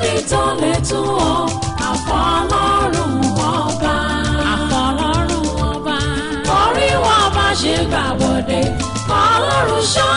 sẹ́ni tó lè tú ọ àfọlọ́run ọba. àfọlọ́run ọba. orí wa bá ṣe gbàbọ̀dé kọ́lọ́run ṣọ́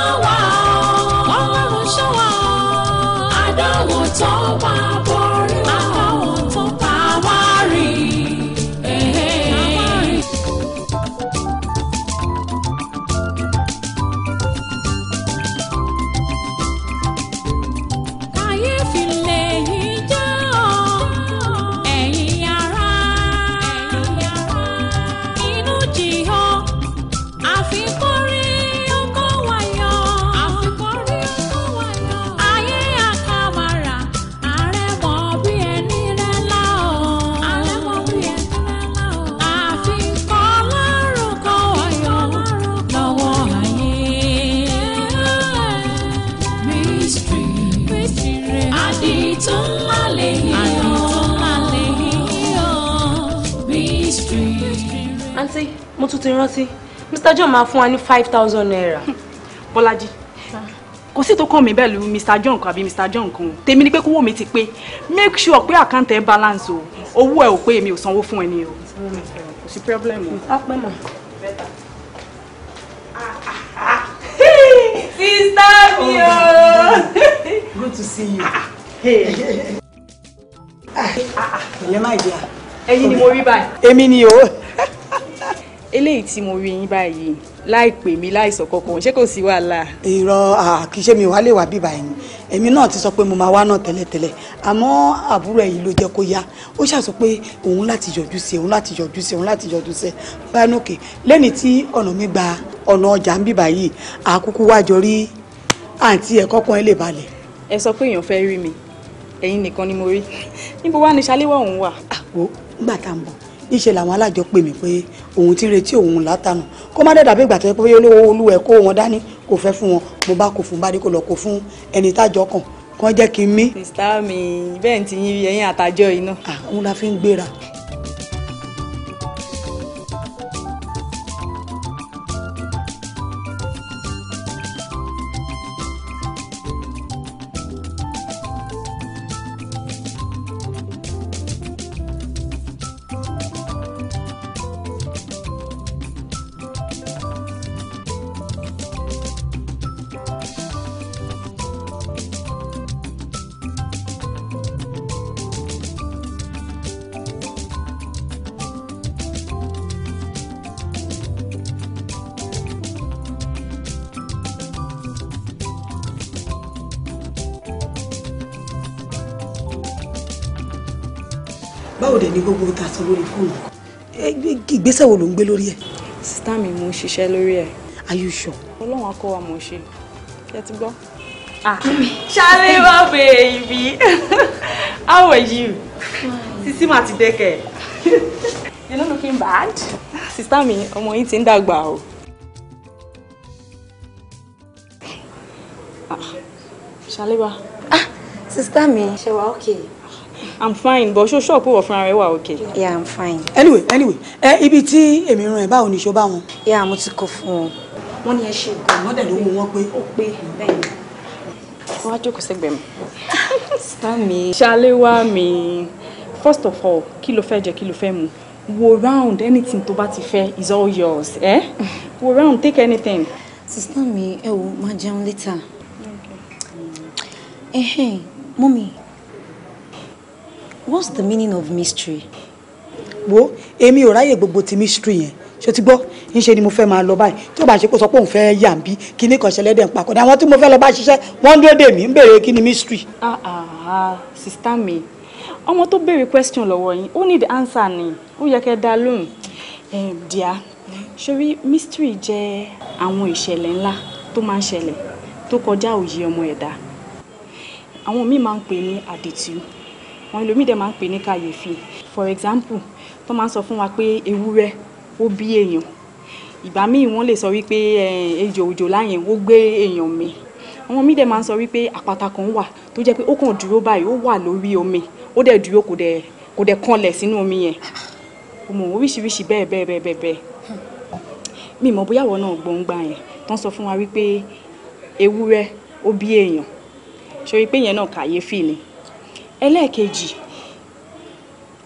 tún ti rántí Mr. John máa fún wa ní five thousand naira. Bọ́lájí kò sí tó kàn mí pẹ̀lú Mr. John kan àbí Mr. John kan tèmi ni pé kówó mi ti pé make sure pé àkáǹtì ẹ balance o owó ẹ ò pé èmi ò sanwó fún ẹni o. kò sí problem o. ọpẹ́ mọ. sister mi o. good to see you. Ah, ah, ah. ẹ̀yin ni mo rí báyìí. èmi ni o eléyìí tí mo rí yín báyìí láì pè mí láì sọ kankan ṣé kò sí wàhálà. irọ́ kì í ṣe mi wàá lè wá bíbá ẹ̀yìn èmi náà ti sọ pé mo máa wá náà tẹ́lẹ̀tẹ́lẹ̀ àmọ́ àbúrò ẹ̀yìn ló jẹ́ kó yá ó ṣàṣọ pé òun láti yọjú sí òun láti yọjú sí òun láti yọjú sí báyọ̀nùkè lẹ́ni tí ọ̀nà mi gba ọ̀nà ọjà ń bíbá yìí àkúkú wájọ rí àǹtí ẹ̀ kọ́kàn ẹ̀ lè balẹ̀. ẹ sọ pé èèyàn fẹ́ rí mi ẹ̀yin nìkan ni mo rí níbo wá ni ṣaléwọ̀ òun wà. àpò ah, ńgbà tá à ń bọ̀ níṣẹ́ làwọn alájọ pè mí pé òun ti retí òun látànù kó má dẹ̀dà bí ìgbà tó yẹ pé olówó olúwẹ̀ kó wọn dání kò fẹ́ fún wọn mo bá kò fún bá dé lọ kó fún ẹni tájọ kàn kàn jẹ́ kí n mí. mr mi bẹ́ẹ̀ ti yín rí ẹyin àtàjọ yìí náà. àwọn la fi ń gbéra. sí lórí fóònù. ìgbésẹ̀ wo ló ń gbé lórí ẹ̀. sítá mi mo ń ṣiṣẹ́ lórí ẹ̀. are ọlọ́run akọ wa mọ̀ ṣe kẹ́ ti gbọ́. Ah. ṣálíwá bèbí how are you. sisi ma ti dẹ́kẹ̀. you no looking bad. sítá mi ọmọ yìí ti ń dàgbà o. Ah, ṣálíwá. ah sista mi. ṣe wa okay i'm fine but show shop wọ̀ fúnra rẹ̀ wà okay. yeah i'm fine. anyway anyway ẹ ibi tí èmi ràn ẹ báwo ni ṣó bá yeah mo ti kó fún wọn. wọ́n ní ẹ ṣe gan-an. wọ́n dẹ̀ ló mú wọn pé. ó pé bẹ́ẹ̀ ni. wọ́n á jókòó sẹ́gbẹ̀ẹ́ mi. sá mi. first of all kí lo fẹ́ jẹ kí lo fẹ́ mu wo round anything to bá ti fẹ́ is all yours eh? wo round take anything. Sister me, ẹ wo máa later. Okay. Eh, hey, mommy what's the meaning of mystery. wo emi ò ráyè gbogbo ti mystery yẹn ṣé o ti gbọ́ ńṣe ni mo fẹ́ máa lọ báyìí tí ó bá ṣe pé sọ pé òun fẹ́ yà ń bí kíní kan ṣẹlẹ̀ dẹ̀ ń papọ̀dà àwọn tí mo fẹ́ lọ bá ṣiṣẹ́ wọ́n ń dúró dè mí ń béèrè mystery. ah ah, ah sister me. ọmọ tó béèrè question lọ́wọ́ yín ó need answer ni ó yẹ kẹ́ dá lóhùn eh, díà ṣorí mystery je àwọn ìṣẹ̀lẹ̀ ńlá tó máa ń ṣẹlẹ̀ tó kọjá òye ọmọ ẹ̀dá àwọn míì máa ń pè ní wọn ẹlòmíì dẹ̀ máa ń pè ní kàyéfì for example tó máa ń sọ fún wa pé ewúrẹ́ ó bí èèyàn ìgbà míì wọ́n lè sọ wípé ejò òjò láyẹn ó gbé èèyàn mi àwọn míì dẹ̀ máa ń sọ wípé àpáta kan wà tó jẹ́ pé ó kàn dúró báyìí ó wà lórí omi ó dẹ̀ dúró kò dẹ̀ kò dẹ̀ kanlẹ̀ sínú omi yẹn o mọ̀ oríṣiríṣi bẹ́ẹ̀ bẹ́ẹ̀ bẹ́ẹ̀ bẹ́ẹ̀ bẹ́ẹ̀ mi mọ̀ bóyá àwọn náà gbọ̀ngbà yẹn tó ń sọ fún wa wípé ewúrẹ́ ó bí èèyàn ṣe wípé yẹn náà kàyéfì ni ẹlẹ́ẹ̀kejì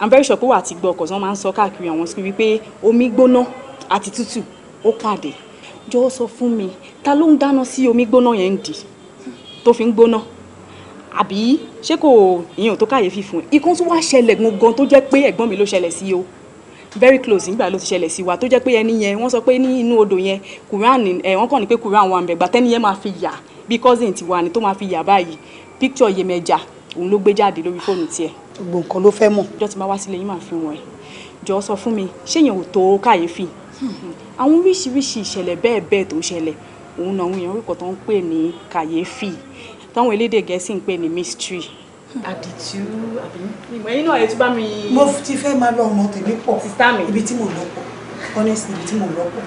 i'm very sure pé wà á ti gbọ́ ọkọ̀ tí wọ́n máa ń sọ káàkiri àwọn sí wípé omi gbóná àti tútù ó pàdé jọ̀wọ́ sọ fún mi ta ló ń dáná sí omi gbóná yẹn ń dì tó fi ń gbóná àbí ṣé kò ìyẹn ò tó káyè fífún ẹ ikán tó wá ṣẹlẹ̀ gangan tó jẹ́ pé ẹ̀gbọ́n mi ló ṣẹlẹ̀ sí o very close nígbà ló ti ṣẹlẹ̀ sí wa tó jẹ́ pé ẹni yẹn wọ́n sọ pé ní inú odò yẹn Quran ẹ̀ wọ́n kàn ní pé Quran wà ń bẹ̀ gbà tẹ́ni yẹn máa fi yà bí cousin tiwa ni tó máa fi yà báyìí picture Yemẹja òun ló gbé jáde lórí fóònù tiẹ̀. gbogbo nǹkan ló fẹ́ mọ̀. ìjọ ti máa wá sílé yín máa fi wọ̀n ẹ̀ jọ sọ fún mi ṣéyàn ò tó kàyéfì àwọn oríṣiríṣi ìṣẹ̀lẹ̀ bẹ́ẹ̀ bẹ́ẹ̀ tó ṣẹlẹ̀ òun náà àwọn èèyàn orúkọ tó ń pè ní kàyéfì táwọn elédè gẹ̀ẹ́sì ń pè ní mystery àdìtú àbí. ẹ̀yin náà ẹ tún bá mi. mo ti fẹ́ máa lọ ọ̀nà tèmi pọ̀ ibi tí mo lọ pọ̀ honestly ibi tí mo lọ pọ̀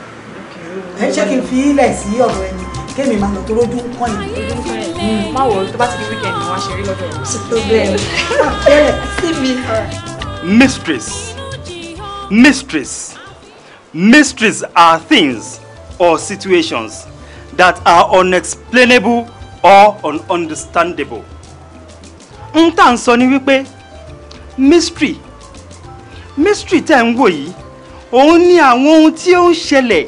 ẹ ṣé kí n fi ilẹ̀ sí ọ̀rọ̀ ẹni kémi máa lọ mm, tó lójú kàn ẹ̀. mysteries are things or situations that are unexplainable or ununderstandable. n tá n sọ ni wípé mystery mystery tẹ́ ń wò yìí òun ni àwọn ohun tí ó ń ṣẹlẹ̀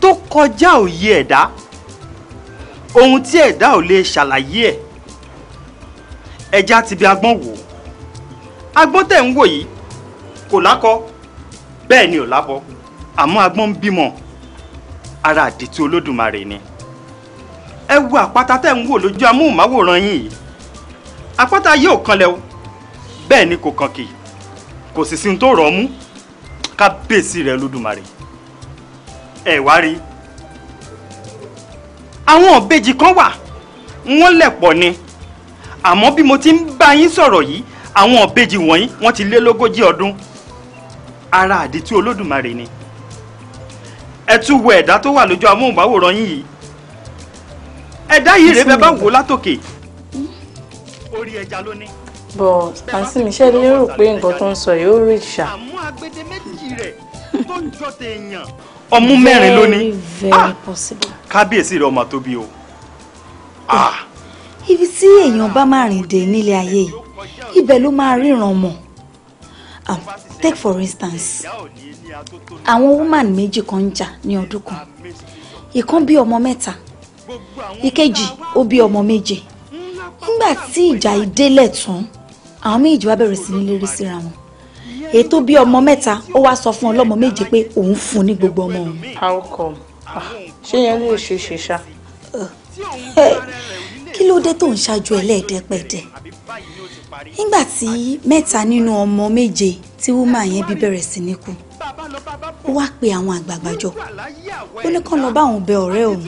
tó kọjá òye ẹ̀dá ohun tí ẹ̀dá ò lè ṣàlàyé ẹ̀ ẹja ti bi agbọ́n wò agbọ́n tẹ̀ ń wò yìí kò lákọ bẹ́ẹ̀ ni ò lábọ àmọ́ agbọ́n ń bímọ ara àdìtú olódùmarè ni ẹ wo àpáta tẹ̀ ń wò lójú amóhùnmáwòrán yín yìí àpáta yóò kanlẹ̀ o bẹ́ẹ̀ ni kò kàn kì kò sì sí ohun tó rọ̀ ọ́ mú kábíyèsí rẹ̀ olódùmarè ẹ wá rí i àwọn ọ̀bejì kan wà wọ́n lẹ̀ pọ̀ ni àmọ́ bí mo ti ń bá yín sọ̀rọ̀ yìí àwọn ọ̀bejì wọ̀nyí wọ́n ti lé lógójì ọdún ara àdìtú olódùmarè ni ẹ tún wo ẹ̀dá tó wà lójú amóhùnmáwòrán yín yìí ẹ̀dá yìí rèé bẹ́ẹ̀ bá wò látòkè orí ẹja ló ní. bọ̀ àǹtí mi ṣe lérò pé nǹkan tó ń sọ yìí rí ìṣà. àmọ́ agbede rẹ̀ tó ń jọ tèèyàn ọmú mẹ́rin lónìí ah! kábíyèsí rẹ ọmọ tóbi o. Ah! ibi tí èèyàn bá máa rìn dé nílé ayé yìí ibẹ̀ ló máa ríran mọ̀ ah, take for instance àwọn woman méjì kan ń jà ní ọdún kan ìkan bí ọmọ mẹ́ta ìkejì ó bí ọmọ méje nígbà tí ìjà ìdélẹ̀ tán àwọn méjì wá bẹ̀rẹ̀ sí ní lérí síra wọn èyí tó bí ọmọ mẹ́ta ó wá sọ fún ọlọ́mọ méje pé òun fún ní gbogbo ọmọ òun. how come ah, ṣé yẹn lè ṣe ṣe ṣá. kí ló dé tó ń ṣáájú ẹlẹ́ẹ̀dẹ́pẹ̀dẹ́ nígbà tí mẹ́ta nínú ọmọ méje tí wúmà yẹn bí bẹ̀rẹ̀ sí ní kú ó wá pe àwọn àgbààgbà jọ ó ní kàn lọ bá òun bẹ ọ̀rẹ́ òun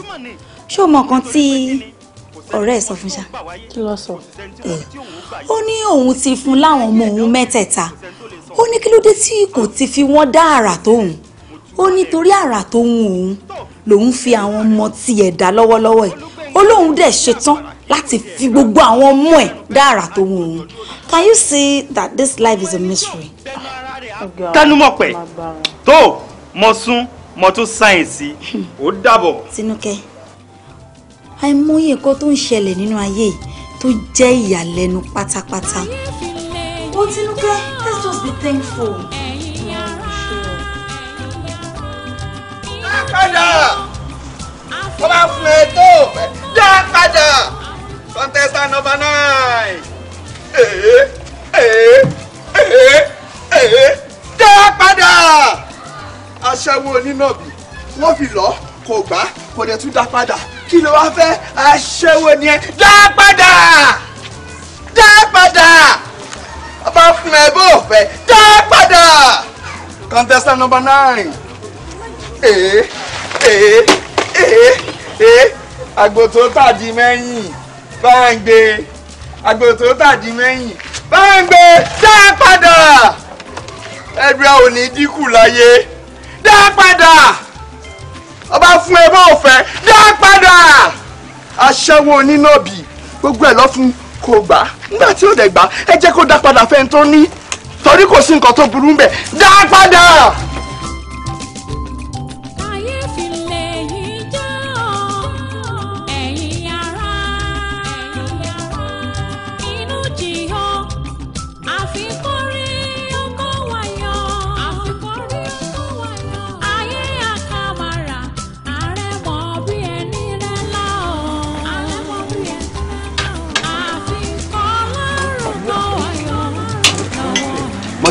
ṣé o mọ nǹkan tí ọ̀rẹ́ ẹ̀ sọ fún ṣá. kí ló sọ. ó ní òun ti fún láwọn ọmọ òun mẹ́tẹ̀ẹ̀ta ó ní kí ló dé tí kò ti fi wọ́n dá àrà tóun ó nítorí àrà tóun òun lòun fi àwọn ọmọ tiẹ̀ dá lọ́wọ́lọ́wọ́ ẹ̀ ó lóun dẹ̀ ṣetán láti fi gbogbo àwọn ọmọ ẹ̀ dá àrà tóun òun can you see that this life is a mystery. tẹnumọ́ pẹ tó mọ sún mo tún sáyẹ̀nsì ó dàbọ̀. tinúkẹ́ àìmọye nǹkan tó ń ṣẹlẹ̀ nínú ayé yìí tó jẹ́ ìyàlẹ́nu pátápátá. But Tinuke, let's just be thankful. Dá padà! Wọ́n máa fún ẹ tó dá padà! Contestant number nine. Èé èé èé èé dá padà! Aṣẹ́wó onínàbì, wọ́n fi lọ́ kò gbá kò dẹ̀ tún dá padà kí ló wá fẹ́ aṣẹ́wó ni ẹ dá padà wá fún ẹ bó fẹ́ dá padà. contestant number nine. èé èé èé èé àgbò tó tàdí mẹ́yìn bá ń gbé àgbò tó tàdí mẹ́yìn bá ń gbé dá padà. ẹgbẹ́ ò ní dínkù láyé dá padà ọba fún ẹ bó fẹ́ dá padà. aṣẹ́wó onínàbì gbogbo ẹ̀ lọ fún kò gbà nígbà tí ó dẹ̀ gbà ẹ jẹ́ kó dá padà fẹ́ni tó ní torí kò sí nǹkan tó burú ń bẹ̀ dá padà.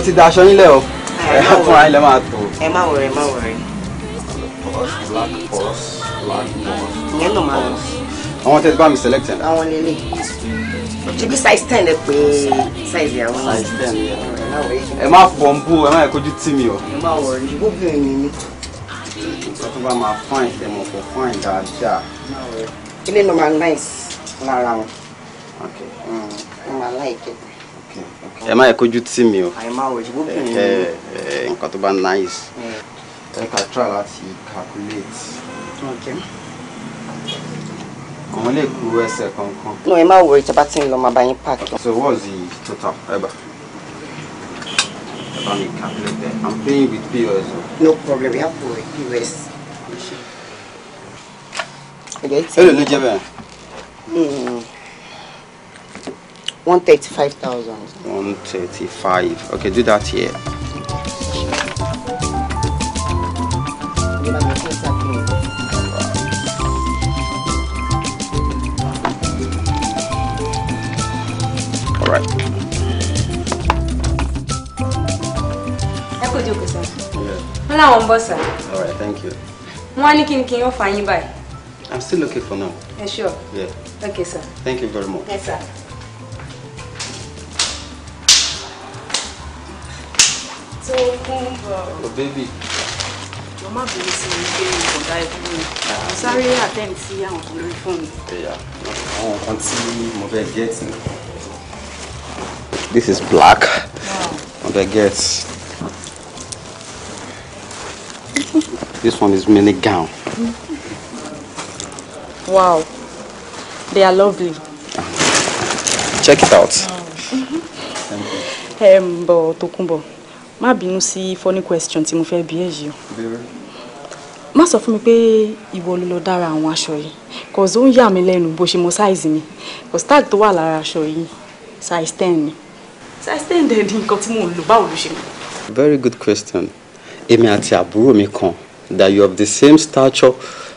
ti da aṣọ yín lẹ̀ o fúnra yín lẹ máa tó. ẹ má wọrẹ má wọrẹ. ìyẹn náà máa lọ. àwọn tẹ bá mi select ẹ. àwọn lélẹ̀ ṣebí size ten lẹ pé size yà wọn. size ten yẹ ẹ má fọ̀ ń bú ẹ má yẹ kójú tì mí o. ẹ má wọrẹ gbogbo ẹ̀yìn mi nǹkan tó bá máa fine ṣe mọ̀ kó fine dáadáa. ilé ló máa nice lára wọn. ok. Mm. wọ́n máa ẹ má yẹ kójú tì mí o nǹkan tó bá nice ẹ ká try láti calculate àwọn lè ku ẹsẹ̀ kankan. no ẹ má wọ ìjọba tí ń lọ máa bá yín park. so what's the total ẹgbà ẹgbà mi calculate there i'm paying with pos. no problem we have for pos. èlò ló jẹ́ bẹ́ẹ̀. Hmm one thirty-five thousand. one thirty-five okay do that here. all right. ẹ kò sir. Yeah. wọn làwọn ń all right thank you. wọn á ní kí ni kí n yóò i'm still looking for now. ẹ sure. yeah. okay sir. thank you very much. yes sir. Oh baby. bébì. Mo má bèrè sí i pé ìkọ̀dá ẹ̀dúró ni. Mo sáré àtẹ́ǹd sí àwọn kan lórí fóònù. Ẹ̀yà àwọn nǹkan tí mo This is black. Mo fẹ́ gẹ́ẹ̀tì. This one is mini gown. Wow. They are lovely. Check it out. Wow. Thank you. Um, but má bínú sí funny question tí mo fẹ́ bi ẹ́ yìí o má sọ fún mi pé ìwọ ló lọ dára àwọn aṣọ cause ó ń yà mí lẹ́nu bó ṣe size mi cause tag tó wà lára aṣọ yìí size ten ni size ten dẹ̀ ni nǹkan tí mò ń lò báwo ló very good question èmi àti àbúrò mi kan that you have the same stature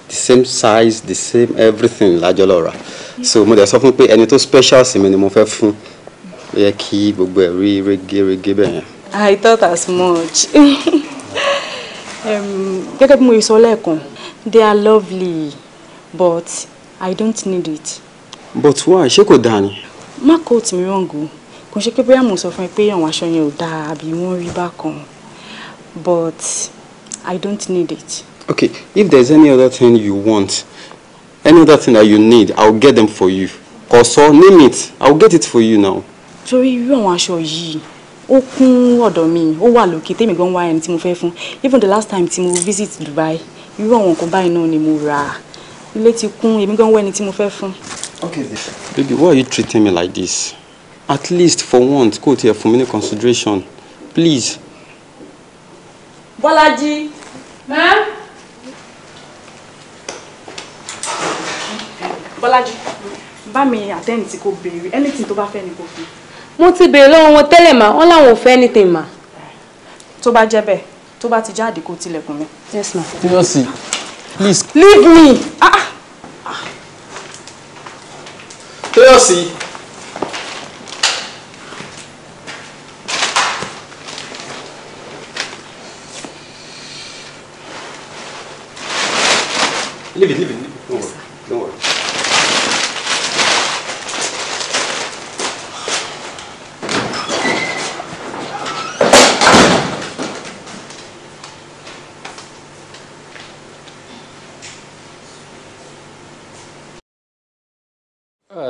the same size the same everything lájọ so mo dẹ̀ sọ fún pé ẹni tó special sí mi ni mo fẹ́ fún ó yẹ gbogbo ẹ̀ rí régérégé bẹ́ẹ̀ yẹn. I thought as much. Um, gẹ́gẹ́ bí mo sọ lẹ́ẹ̀kan, they are lovely but I don't need it. But why? Ṣé kò dáa ni? Má kó tì mí rọ̀ǹgù. Kò ṣe pé bóyá mo sọ fún ẹ pé àwọn aṣọ yẹn ò dáa àbí wọ́n rí bákan. But I don't need it. Okay, if there's any other thing you want, any other thing that you need, I'll get them for you. Kọ̀sọ́, name it, I'll get it for you now. Torí irú àwọn aṣọ yìí ó kún ọ̀dọ̀ mi ó wà lókè tèmi gan wá ẹni tí mo fẹ́ fún even the last time tí mo visit Dubai irú àwọn nǹkan báyìí náà ni mo rà ilé ti kún èmi gan wá ẹni tí mo fẹ́ fún. okay baby why are you treating me like this at least for once kò tiẹ̀ fún mi ní consideration please. Bọ́lájí. Bọ́lájí bá mi àtẹ́ǹtì kò béèrè anything tó bá fẹ́ ni kò fi mo ti béèrè lọ́wọ́ wọn tẹ́lẹ̀ mà wọ́n láwọn ò fẹ́ anything mà. tó bá jẹ́ bẹ́ẹ̀ tó bá ti jáde kó tilẹ̀kùn mi. yes ma. seriously please. leave me. Ah. Tóyọ̀sí. Ah.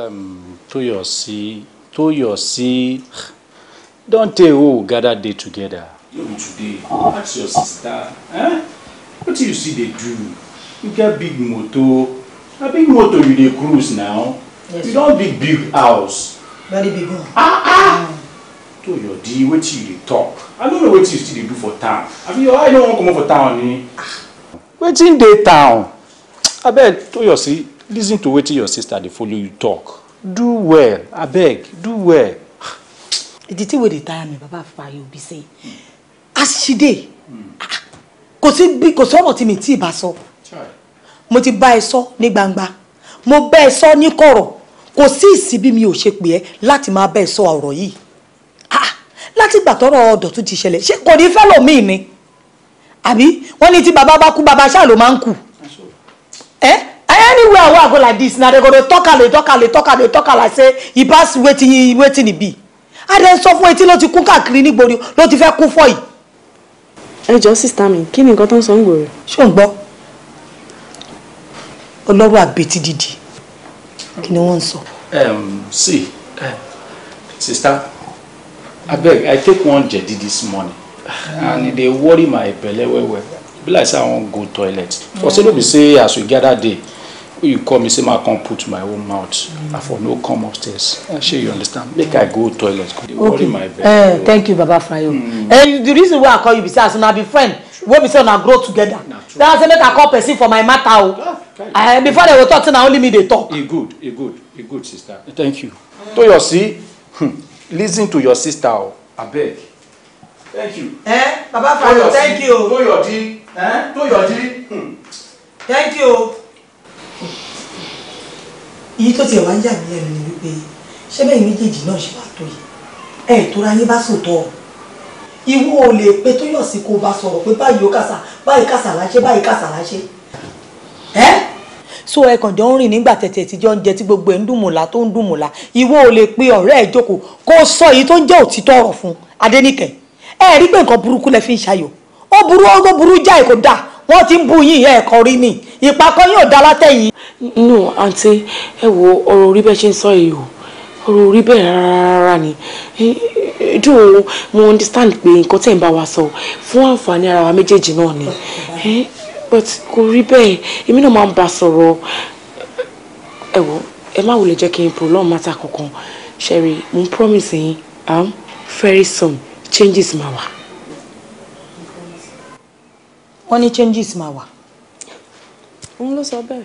um, your Toyosi, don't tell who gather day together. You today, ask your sister, eh? What do you see they do? You get big motor, a big motor you dey cruise now. Yes. You don big big house. Very big one. Ah ah! Mm. Toyodi, wetin you dey talk? I no know wetin you still they do for town. I mean, your eye no wan come over town ni. Eh? Ah. Wetin dey town? I bet to your Toyosi, listen to wetin your sister dey follow you talk do well abeg do well. the thing wey dey tire me baba Fayo be say as she dey hmm. kò sí bí kò sọ̀rọ̀ tí mi tí ì bá sọ mo ti bá ẹ sọ ní gbangba mo bá ẹ sọ ní kọ̀rọ̀ kò sí ìsibí mi ò ṣe pè ẹ́ láti máa bá ẹ sọ ọ̀rọ̀ yìí ah, láti gbà tọrọ ọdọ tó ti ṣẹlẹ̀ ṣé kò ní fẹlọ míì ni àbí wọn ní tí bàbá bá kú bàbá ṣáà ló máa ń kú ẹ anywhere wey i go like this, na dem go dey talk am dey talk am dey talk am dey talk am like say e pass wetin wetin e be I dẹ̀ ń sọ fún etí ló ti kún káàkiri nígboro ló ti fẹ́ kún fọ́ yìí. ẹ jọ sísá mi kí ni nǹkan tó ń sọ ń gbòòrò. ṣó ń gbọ́ ọlọ́rọ̀ àbètí dídì kí ni wọ́n ń sọ. see uh, sister abeg i take one jedi this morning and e dey worry my belle well well e be like say i wan go toilet for say no be say as we gather there you call me say ma come put my own mouth mm. i for no come upstairs I shey you understand make i go toilet go dey worry my bed. Eh, thank you baba Fayo mm. uh, eh, the reason why i call you be say as una be friend wey be say una grow together na say make i call person for my matter o uh, ah, eh, before they go talk say na only me dey talk. e good e good e good sister thank you mm. toyosi hmm, lis ten to your sister o oh. abeg thank you. Eh? baba Fayo eh? hmm. thank you. To To your toyodi toyodi. thank you èyí tó tiẹ̀ wá ń yà mí ẹnu ni wípé ṣé bẹ́ẹ̀ méjèèjì náà ṣe wá tó yìí ẹ̀ tó ra yín bá sòtọ́ ìwọ ò lè pe tó yọ̀ sí kó o bá sọ̀rọ̀ pé báyìí ó kàṣà báyìí kàṣà láṣẹ báyìí kàṣà láṣẹ ẹ́ so ẹ kàn jọ ń rìn nígbà tẹ̀tẹ̀ tí jọ ń jẹ tí gbogbo ẹ̀ ń dùnmùlà tó ń dùnmùlà ìwọ ò lè pe ọ̀rẹ́ ẹ̀ jókòó kó o sọ èyí tó ń jẹ́ òtítọ́ ọ̀rọ̀ fún Adéníkẹ́ ẹ rí pé nǹkan burúkú lẹ fi ń ṣayọ̀ ó burú ó burú jáì kò dáa wọ́n ti ń bú yín ìyá ẹ̀kọ́ rí ni ìpàkọ́ yóò da látẹ̀yìn. no àǹtí ẹ wo ọ̀rọ̀ orí bẹ́ẹ̀ ṣe ń sọ èyí o ọ̀rọ̀ orí bẹ́ẹ̀ rárá ni dùn ún mo understand pé nǹkan tẹ̀ ń bá wa sọ fún àǹfààní ara wa méjèèjì náà ni but kò rí bẹ́ẹ̀ èmi náà máa ń bá sọ̀rọ̀ ẹ wo ẹ má wulẹ̀ jẹ́ kí n prolong matter kankan Sherry mo promise yín am um, very soon changes ma wà wọ́n ní changes máa wà. òun ló sọ bẹ́ẹ̀.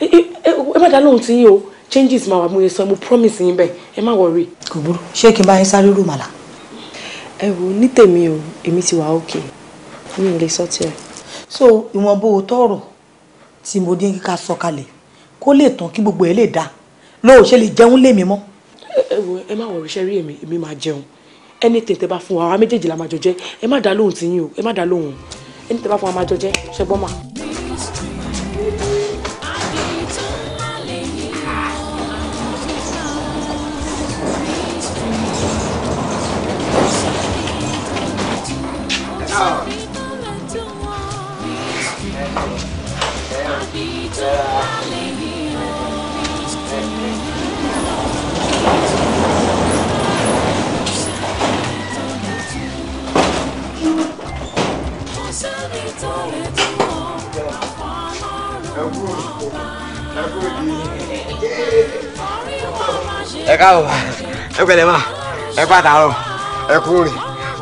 Eh, eh, eh, ẹ má dá lóhùn tí yín o changes máa wà mo lè sọ mo promise yín bẹ́ẹ̀ ẹ má worry. kò burú ṣé kí n bá yín sáré rù màlà. ẹ wo ní tèmi o èmi ti wà òkè mi ò lè sọ tiẹ̀. so ìwọ̀n bó o tọrọ tí mo dín kíka sọ kalẹ̀ kó lè tán kí gbogbo ẹ lè dáa lóò ṣe lè jẹun lèmi mọ́. ẹ wo ẹ má worry ṣe rí èmi èmi máa jẹun anything tẹ bá fún wa àwa méjèèjì la máa jọ jẹ ẹ má dá lóhùn tiyín o ẹ má dá lóhùn ẹni tẹ bá fún wa máa jọ jẹ ṣẹgbọ́n mà. Yeah. ẹ káàbọ̀ ẹ pẹ̀lẹ́ ma ẹ pàtàrọ̀ ẹ kú rìn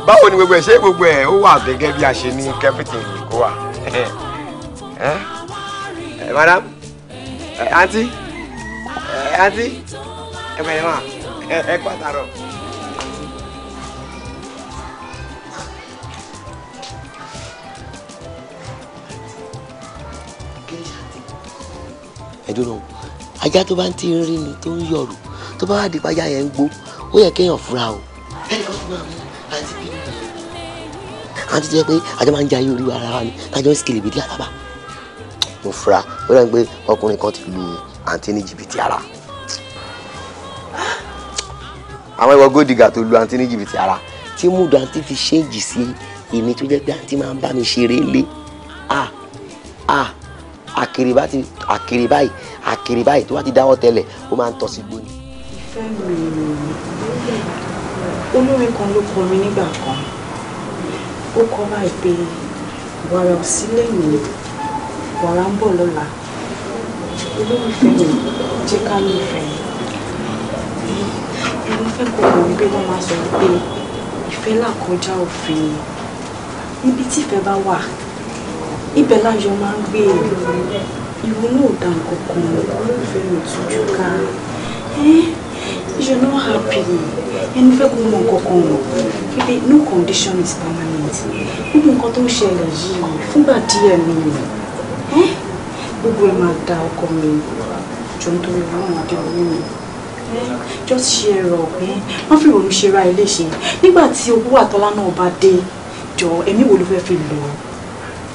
báwo ni gbogbo ẹ ṣé gbogbo ẹ ó wà gẹ́gẹ́ bí a ṣe ní kẹ́fìtì kó wà ẹ madam ẹ àǹtí ẹ àǹtí ẹ pẹ̀lẹ́ ma ẹ pàtàrọ̀. ẹ̀dùn náà ajá tó bá ń ti rí ni tó ń yọ̀rù tó bá wà di pàjá yẹn ń gbó ó yẹ kéèyàn fura o ẹnìkan fún mi àti bí àti jẹ́ pé ajá máa ń jayé orí ara wa ni tájọ́ ń sikele bìdí àlábà mo fura ó rẹ̀ ń pé ọkùnrin kan ti lu àǹtí ní jìbìtì ara àwọn ìwọ gódìgà tó lu àǹtí ní jìbìtì ara tí múdù àǹtí fi ṣéǹjì sí èmi tó jẹ́ pé àǹtí máa ń bá mi ṣeré lé ah ah àkèrè bá ti àkèrè báyìí àkèrè báyìí tó bá ti dáwọ́ tẹ́lẹ̀ ó máa ń tọ́ sí gbóni. olórin kan ló kọ mi nígbà kan ó kọ báyìí pé wàrà ò sí wàrà ń bọ̀ lọ́la olólùfẹ́ mi jẹ́ ká ló fẹ́ mo fẹ́ kọ̀ọ̀kan wípé wọ́n máa sọ pé ìfẹ́ là òfin níbi tí ìfẹ́ bá wà ibẹ̀ láyọ̀ máa ń gbé e. ìrònú ò dá nǹkan kan ìfẹ́ ò tújú ká you're not happy ẹni fẹ́ kó mọ nǹkan kan mọ̀ no condition is permanent gbogbo nǹkan tó ń ṣẹlẹ̀ yìí fúngbà díẹ̀ ni gbogbo ẹ̀ máa da ọkọ mi jọ nítorí ọlọ́run àdéhùn mi just share up má fi ìrònú ṣe ra ilé ṣe nígbà tí owó àtọ́lá náà bá dé jọ ẹ̀mí wo ló fẹ́ fi lò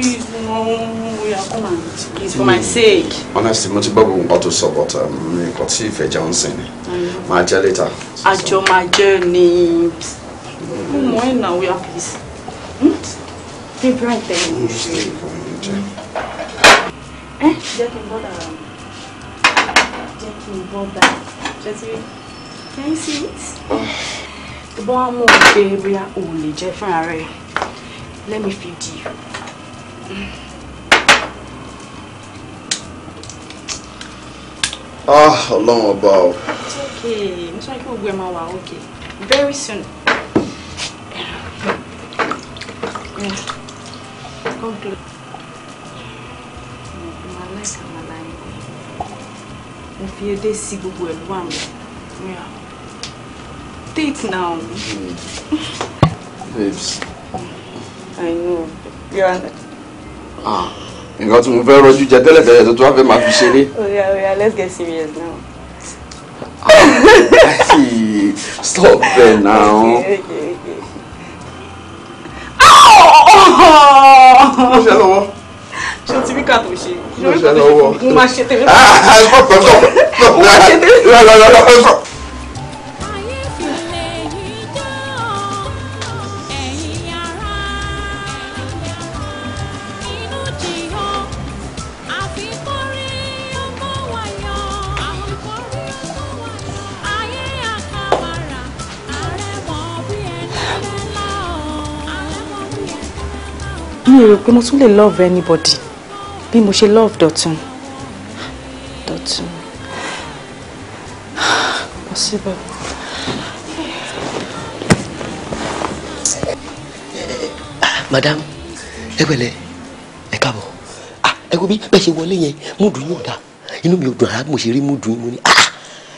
please, no, you are come please for my hmm. sake. Honestly, mo ti gbọ́ gbogbo nǹkan tó sọ but um, mi kò tí ì fẹ́ jẹun sí ni. Mm. Máa jẹ later. Àjọ máa jẹ ni. Mo mọ̀ ẹ́ náà, we are please. Hmm? Be bright then. Mo ṣe ìfọ̀ mi jẹ. Ẹ jẹ́ Can you see it? Bọ́n á mọ̀ pé bóyá òun lè jẹ́ Let me feed you ah ọlọ́run ọba o. it's okay mo sọ pé gbogbo ẹ̀ máa wà okay very soon. Conclude. My life and my life. Mo feel edé sí gbogbo ẹ̀ ló wà Date now. Hmm. Babes. I know. You're Ah, nǹkan tí mo fẹ́ rọjú jẹ tẹ́lẹ̀ tó tó wá fẹ́ máa fi ṣeré. oya oya let's get serious now. Hey, ah, stop there now. Okay, okay, okay. Ó ṣe lọ́wọ́. Ṣé o ti rí kàtó ṣe? Ó ṣe lọ́wọ́. Mo máa ṣe tèmi. Ah, mo máa ṣe tèmi. pé mo tún lè love anybody bí mo ṣe love Dọ̀tun Dọ̀tun possible. madam ẹ pẹ̀lẹ́ ẹ káàbọ̀ ah, ẹ kò bí bẹ́ẹ̀ ṣe wọlé yẹn múdùú yóò dá inú mi ò dùn ara mo ṣe rí múdùú yín mo ní à ah,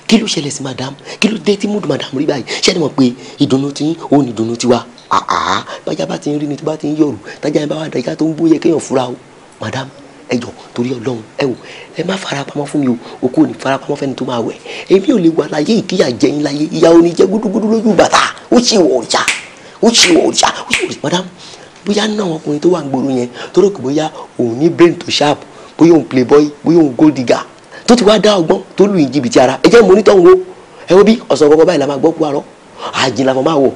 kí ló ṣẹlẹ̀ sí madam kí ló dé tí mood madam rí báyìí ṣé ẹni mọ̀ pé ìdùnnú tí òun ni ìdùnnú tiwa àá bájá bá ti ń rí ni tó bá ti ń yọ̀rù tájà yẹn bá wà dá ìka tó ń bóyẹ kéèyàn fura o madam ẹ jọ torí Ọlọ́run ẹ wò ẹ má farapamọ́ fún mi o okú ò ní farapamọ́ fẹ́ni tó máa wẹ̀ èmi ò lè wà láyé ìkíyà jẹyin láyé ìyá òní jẹ gúdúgúdú lójú bàtà ó ṣe wọ ọjà ó ṣe wọ ọjà ó ṣe wọ ọjà madam bóyá náà ọkùnrin tó wà ń gbòòrò yẹn torí bóyá òun ní brain tó sharp bóyá òun playboy bóyá òun gold digger tó ti wá dá ọgbọ́n tó lù yín jìbìtì ara ẹ jẹ́ mọ́nítọ̀ ń wo ẹ wo bí ọ̀sán kọ̀ọ̀kan báyìí la máa gbọ́ kú àrọ́ àjìn la máa wò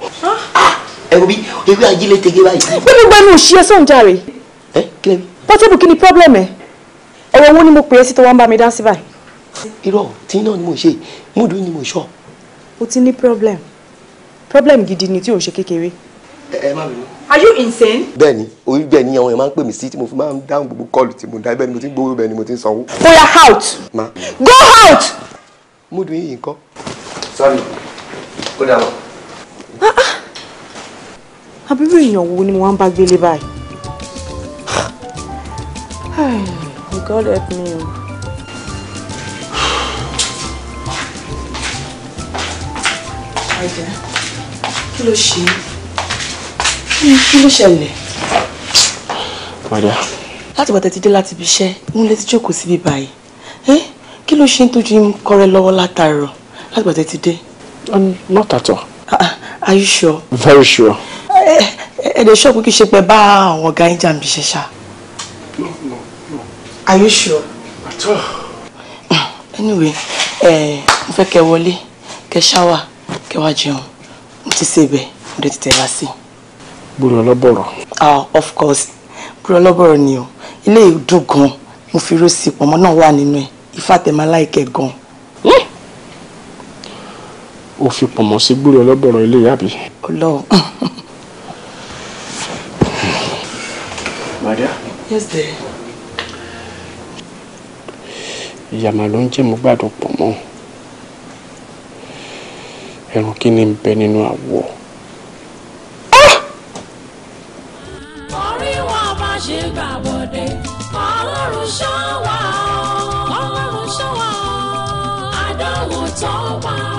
ẹ wo bí ewé ajílẹ̀ tege báyìí. gbẹ́nu gbẹ́nu òṣì ẹ sóhun jàre. ẹ kí lẹ́bi. Portable kí ni problem ẹ ọ̀rọ̀ owó ni mo pè é sí tó wá bá mi dá sí báyìí. irọ́ tí náà ni mo ṣe múdù ni mo ṣọ́. problem problem gidi ni tí ò ń ṣe kékeré are you insane. bẹ́ẹ̀ni orí bẹ́ẹ̀ ni àwọn èèyàn máa ń pè mí sí tí mo fi máa ń dáhùn gbogbo kọọlù tí mo dá ibẹ̀ ni mo ti ń gbowó ibẹ̀ ni mo ti ń sanwó. oya out. ma go out. mo dùn yìí nǹkan. sorry ó dà wọ́n. abirú ah, ah. èèyàn wo ni mo wá ń bá gbélé báyìí. God help me o. Ajá, kí ló ṣe é? kí ló ṣẹlẹ̀. láti bàtẹ́ ti dé láti ibi iṣẹ́ múlẹ̀ ti jókòó síbi báyìí ẹ́ kí ló ṣe ń tójú ń kọ́rẹ́ lọ́wọ́ látàárọ̀ láti bàtẹ́ ti dé. Um, not at all. Ah, ah, are you sure. very sure. ẹ ẹ lè ṣọ́ọ̀kù kí ṣe pé bá àwọn ọ̀gá yín jàǹbí ṣe ṣá. are you sure. at all. anyway ẹ mo fẹ́ kẹ́ wọlé kẹ́ ṣáwà kẹ́ wá jẹun mo ti ṣe ibẹ̀ mo dé ti tẹ̀ wá sí i gbúrò ah of course gbúrò ọlọ́bọ̀rọ̀ ni o ilé ìdùn gan mo fi ró sí pọ̀mọ́ náà wà nínú ẹ̀ ifá tẹ̀mọ́ aláìkẹ́ gan. o fi pọ̀mọ́ sí gbúrò ọlọ́bọ̀rọ̀ ilé yàbí. ọlọ́run. Maria. Yes, dear. Ìyàmà ló ń jẹ́ mo gbádùn pọ̀ mọ́. Ẹ̀rù kí ni ń bẹ nínú àwọ̀. No ṣe gbà wọlé ọlọ́run ṣọ́ wa ọ́ ọlọ́run ṣọ́ wa ọ́ àdánwò tó wà.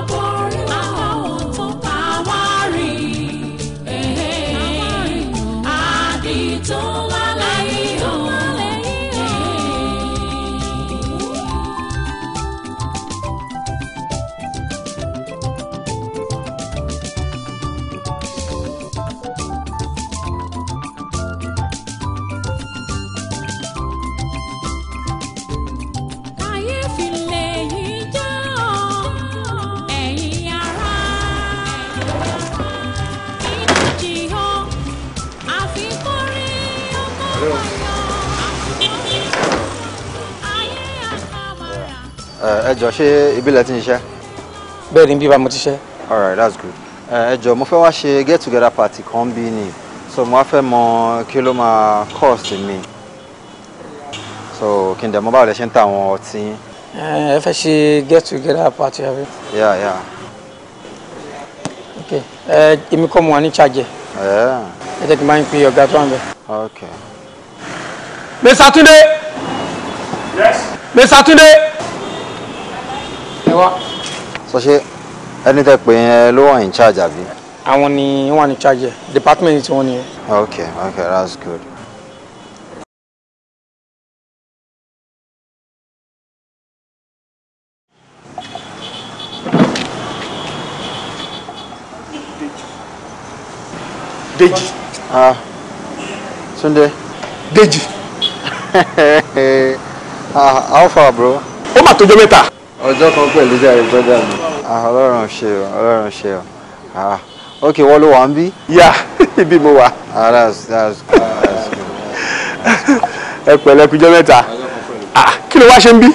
Eh, ẹ jọ ìbílẹ̀ ti ń ṣiṣẹ́. bẹ́ẹ̀ ni bíbá mo ti ṣe. all that's good. Eh, ẹ jọ mo fẹ́ wá ṣe get together party kan bí ni so mo wá fẹ́ mọ kí ló máa cost mi so kí n dẹ̀ mo báwo lẹ ṣe ń ta àwọn ọtí. Eh, ẹ fẹ́ ṣe get together party àbí. yeah yeah. ok ẹ èmi kọ́ mo wà ní charge. ẹ jẹ́ kí n bá yín pe ọ̀gá tó wà ń bẹ̀. ok. Mr. Tunde. yes. Mr. Tunde ni wá. sọ ṣe ẹni tẹ pé yẹn ló wà in charge àbí. àwọn ni wọn wà ní charge ẹ department tí wọn ni. ok ok that's good. Deji. Ah. Sunday. Deji. ah, how far, bro? Ó mà tó jọ mẹ́ta ọjọ́ kan pẹ̀lú jàre brọ́dà mi. Ah, ọlọ́run ṣe o ọlọ́run ṣe o ah, ok wọ́n ló wà ń bí. yà ibi mo wà. Ah, ẹ pẹ̀lẹ́ kújọ́ mẹ́ta kí ló wá ṣe ń bí.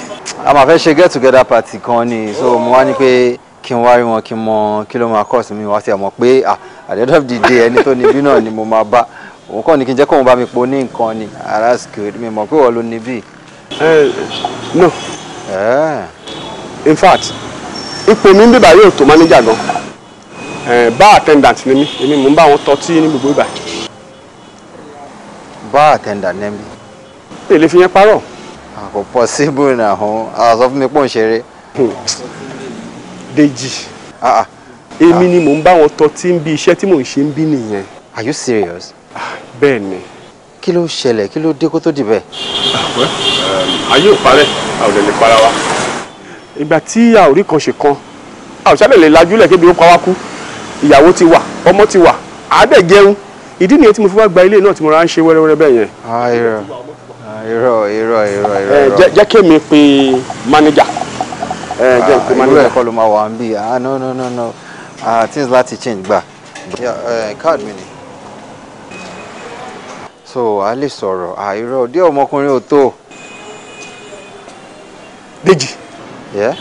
a máa fẹ́ ṣe get together party kan ni so mo wá ní pé kí n wá rí wọn kí n mọ kí ló máa cost mi wá sí àmọ́ pé at the end of the day ẹni tó níbí náà ni mo máa bá òun kàn ní kí n jẹ́ kóun bá mi po ní nǹkan ni that's good mi mọ̀ pé wọ́n ló níbí. ẹ eh, no. ẹ. Eh in fact ipò mi ń bèbà yóò tó manager gan eh, bar attendant ni mí èmi mò ń bá wọn tọ́tí ní gbogbo ìgbà. bar attendant ni mí. èlé fi yẹn parọ́. Ah, kò possible náà hàn àwọn sọ fún mi pò ń ṣeré. Hmm. Dèjì ah, ah. èmi ni mò ń bá wọn tọ́tí ń bí iṣẹ́ tí mò ń ṣe ń bí nìyẹn. are you serious. bẹ́ẹ̀ ni. kí ló ṣẹlẹ̀ kí ló dé kó tó dìbẹ̀. Um, ayé ò parẹ́ a ò lè lè para wa ìgbà tí a ò rí kan ṣe kan a ò ṣàlẹ̀ lè lajúlẹ̀ kébi ó pa wá kú ìyàwó ti wà ọmọ ti wà àádẹ́ jẹun ìdí nìyẹn tí mo fi wá gba ilé náà tí mo ra ń ṣe wẹ́rẹ́wẹ́rẹ́ bẹ́ẹ̀ yẹn. Ah, ah, irọ́ irọ́ irọ́ irọ́. jẹ́ kí mi pe mánéjà. Ah, jẹ́ mi pe mánéjà. ìlú ẹ̀kọ́ ló máa wà ń bì ah no no no no uh, things láti change gbà. card mi ni. so a lè sọ̀rọ̀ àìrọ̀ díẹ̀ ọmọkùnrin ò tó. Dèjì. Yeah.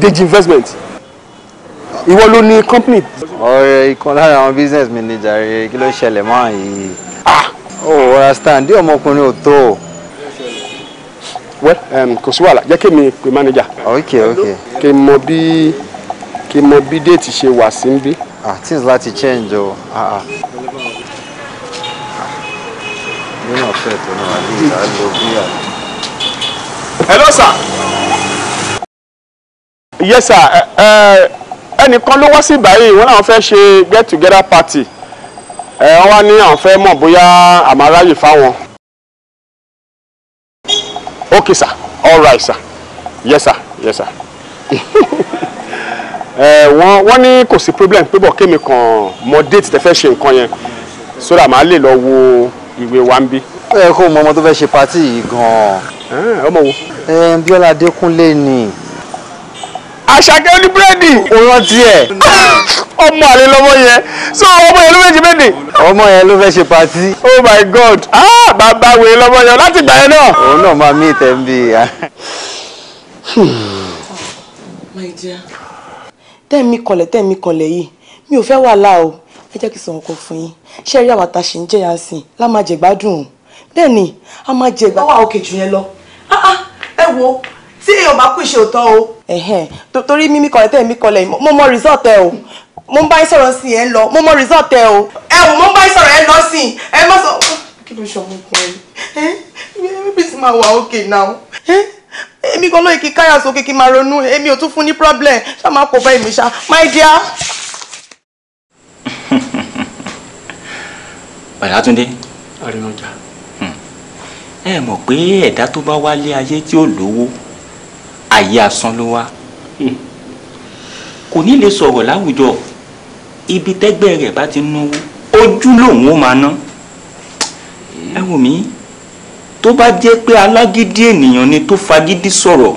Deji investment. Ìwọ ló ní company. Ọ̀rẹ́ ìkan lára àwọn business manager rẹ̀ kí ló ṣẹlẹ̀ máa yìí. Ah! O ọ̀rá stand dé ọmọkùnrin ò tó o. Well, um, kò sí wàhálà jẹ́ kí mi pe manager. Ok ok. Kí n mọ bí kí n mọ bí déètì ṣe wà sí ń bí. Ah, things láti change o. Ah, ah hello sir yes sir eh, eh, ẹnìkan ló wá sí báyìí wọn làwọn fẹ́ ṣe get together party ẹ eh, wọn wá ní àwọn fẹ́ mọ̀ bóyá àmàráyè fáwọn. okay sir all right sir yes sir yes sir. ẹ wọn wọn ní kò sí problem pé bọ̀ kémi kan mọ date tẹ fẹ́ ṣe nǹkan yẹn so that màá lè lọ wo ìwé wa ń bí. ẹ kó mọ ọmọ tó fẹ́ ṣe pátì yìí gan-an. ọmọ wo. ẹ Bíọ́lá Adékúnlé ni àṣàkẹ́ oníbúrẹ́dì. ó rántí ẹ̀. ọmọ àlè lọmọ yẹn so ọmọ yẹn ló fẹ́ ṣe bẹ́ẹ̀dẹ̀. ọmọ yẹn ló fẹ́ ṣe patí. oh my god ah bàbá wèé lọmọ yẹn láti gbà yẹn náà. òun náà máa mí ìtẹ̀ ń bí i. my dear tẹ́ẹ̀mí kanlẹ̀ tẹ́ẹ̀mí kanlẹ̀ yìí mi ò fẹ́ wàhálà o ẹ jẹ́ kí n sọ̀rọ̀ kan fún yín ṣé eré àwàtà ṣì ń jẹ́yà sí i lá máa jẹ̀gbádùn bẹ́ẹ̀ ni a máa jẹ̀gbádùn. wọ́n wà òkè jù yẹn lọ ah, ah, ẹ wo tí èèyàn bá kú ìṣe òótọ́ o. torí mímí kọlẹ̀ tẹ̀ mí kọlẹ̀ mo mọ result ẹ o mo ń bá yín sọ̀rọ̀ sí ẹ ń lọ mo mọ result ẹ o. ẹ wò mo ń bá yín sọ̀rọ̀ ẹ lọ sí ẹ má sọ kí ló ṣe ọmọkùnrin ẹ bí ti máa wà okay now èmi kan lóye kí káyà sókè kí máa ronú èmi ò tún fún ní problem ṣá máa kó bá èmi ṣá my dear. bàdá túndé. àrùn ọjà. ẹ mọ̀ pé ẹ̀dá tó bá wálé ayé tí ò lówó ayé asán ló wá kò ní lè sọ̀rọ̀ láwùjọ ibi tẹ́gbẹ́ rẹ̀ bá ti náwó ojú lòun ó máa ná ẹ wò mí tó bá jẹ́ pé alágídí ènìyàn ni tó fagídí sọ̀rọ̀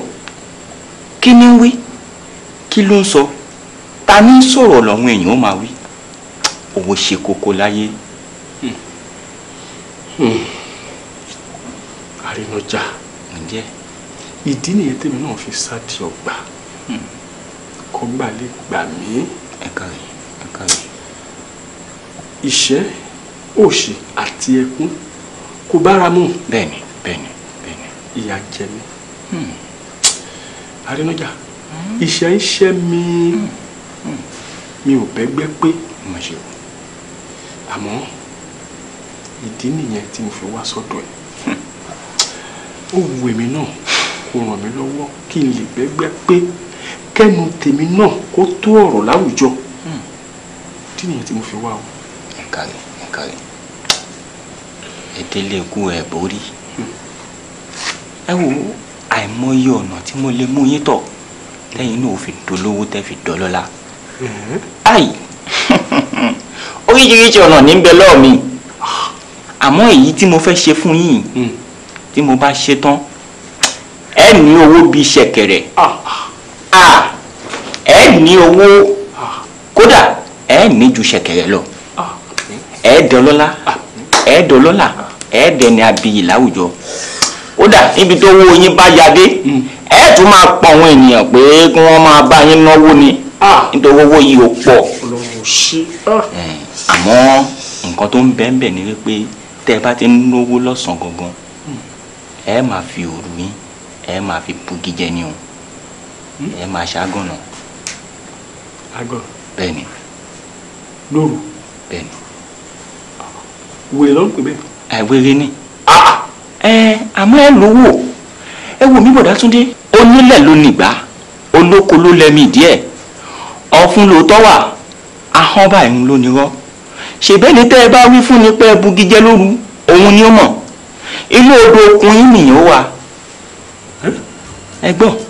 kí ni wí kí ló ń sọ ta ní sọ̀rọ̀ lọ́wọ́ èèyàn ó máa wí owó ṣe kókó láyé. Hmm. Hmm. àrínújà. ǹjẹ́ ìdí nìyẹn tèmi náà fi sá di ọgbà hmm. kọgbà lè gbà mí. ẹ̀ka yìí ẹ̀ka yìí. ìṣẹ́ òṣì àti ẹkún kò bára mu. bẹ́ẹ̀ni bẹ́ẹ̀ni bẹ́ẹ̀ni. ìyà jẹ mí. Hmm. arínájà hmm. ìṣẹ́ mi mi ò bẹ́gbẹ́ pé àmọ́ ìdí nìyẹn tí mo fi wá sọ́dọ̀ ẹ̀ ó wù èmi náà kó ràn mí lọ́wọ́ kí n lè bẹ́gbẹ́ pé kẹ́nu tèmi náà kó tó ọ̀rọ̀ láwùjọ tí hmm. nìyẹn tí mo fi wá o. nkàlẹ nkàlẹ ètèlégún ẹ borí hmm. ẹ wo àìmọye ọ̀nà tí mo lè mú yín tọ̀ lẹ́yìn náà ò fi dolówó tẹ́ fi dọlọ́lá. ayi oríṣiríṣi ọ̀nà ní bẹ lọ́ọ̀ mi ah. àmọ́ èyí tí mo fẹ́ ṣe fún yín hmm. tí mo bá ṣe tán ẹ ní owó bíi ṣẹ̀kẹ̀rẹ̀ ẹ ní owó kódà ẹ ní ju ṣẹ̀kẹ̀rẹ̀ lọ ẹ dọlọ́lá ẹ dọlọ́lá ẹ dẹni abiyì láwùjọ kódà níbi tó wó yín bá yadé ẹ tún máa pọ̀ àwọn ènìyàn pé kí wọ́n máa bá yín náwó ni nítorí owó yìí ó pọ̀ àmọ́ nǹkan tó ń bẹ́ẹ̀ bẹ́ẹ̀ ni wípé tẹ́ ẹ bá ti ń náwó lọ́sàn-án gangan ẹ máa fi òru yín ẹ máa fi pugi jẹ ni o hmm? ẹ máa ṣàgànà. àgàn. bẹ́ẹ̀ ni. lóru. bẹ́ẹ̀ ni. wèrè ló ń pè bẹ́ẹ̀. àìwèrè ni. ẹ àmọ́ ẹ lówó ẹ wò mí bọ̀dá Túndé onílẹ̀ ló nìgbà olóko ló lẹ́mí díẹ̀ ọ̀fun lòótọ́ wà ahọ́n báyìí ló nírọ́ ṣèbẹ́ni tẹ́ ẹ bá wí fún ni pé ẹ bugi jẹ lóru òun ni ó mọ̀ inú odò okùn yín nìyẹn ó wà. 哎，哥。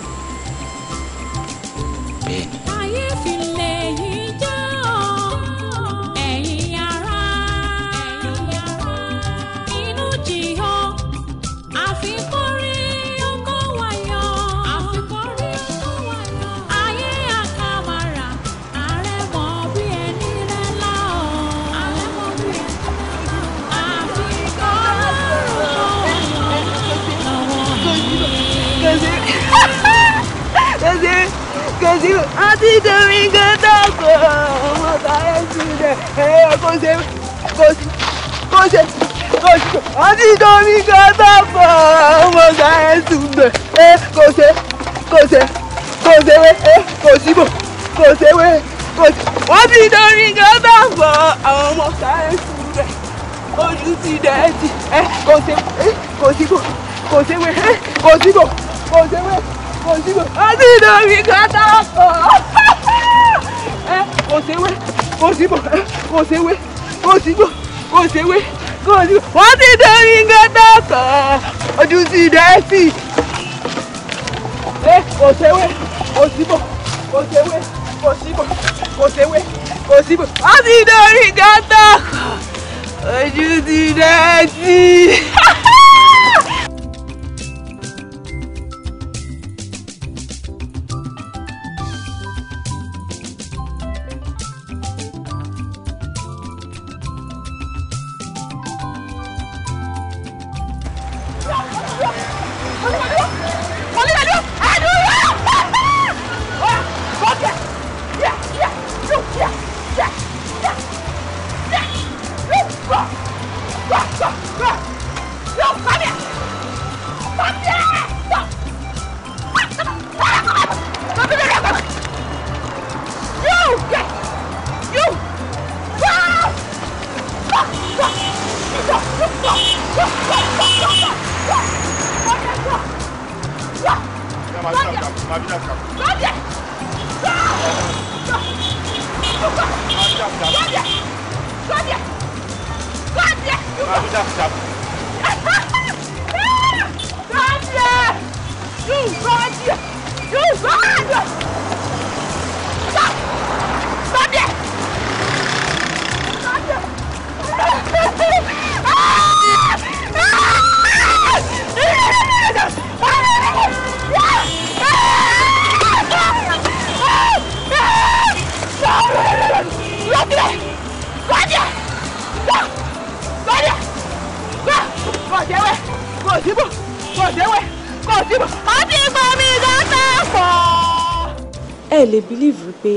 ẹ lè bílíìfù pé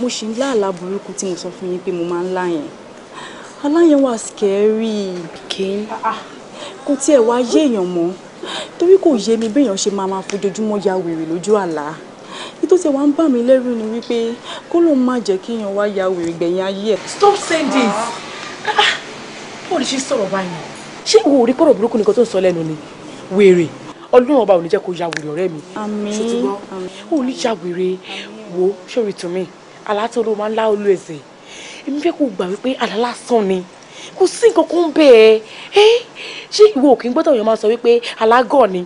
mo ṣì ń lá àlá burúkú tí mo sọ fún yín pé mo máa ń lá yẹn wà scary Ken ah, kò tiẹ̀ wá yé èèyàn mọ́ torí kò yé mi béèyàn ṣe máa máa fojoojúmọ́ ya wèrè lójú àlá tó ṣe wá ń bà mí lẹ́rù ni wípé kó ló má jẹ́ kí èèyàn wá ya wèrè gbẹ̀yìn ayé ẹ̀. stop saying this paul ah, ṣe sọ̀rọ̀ báyìí ṣé ìwọ ò rí pọ̀rọ̀ burúkú nìkan tó ń sọ lẹ́nu ni wèrè ọlọ́run ọba ò ní jẹ́ kó ya wèrè ọ̀rẹ́ mi ṣùtúbọ́ ò ní ya wèrè wo ṣòrí tù mí àlátó ló máa ń lá olú ẹ̀sẹ̀ èmi fẹ́ kó gbà wípé àlá lásán ni kò sí nǹkan kan bẹ́ẹ̀ ẹ́ ṣé ìwọ ò kí ń gbọ́dọ̀ yẹn máa sọ wípé alágọ̀ ni.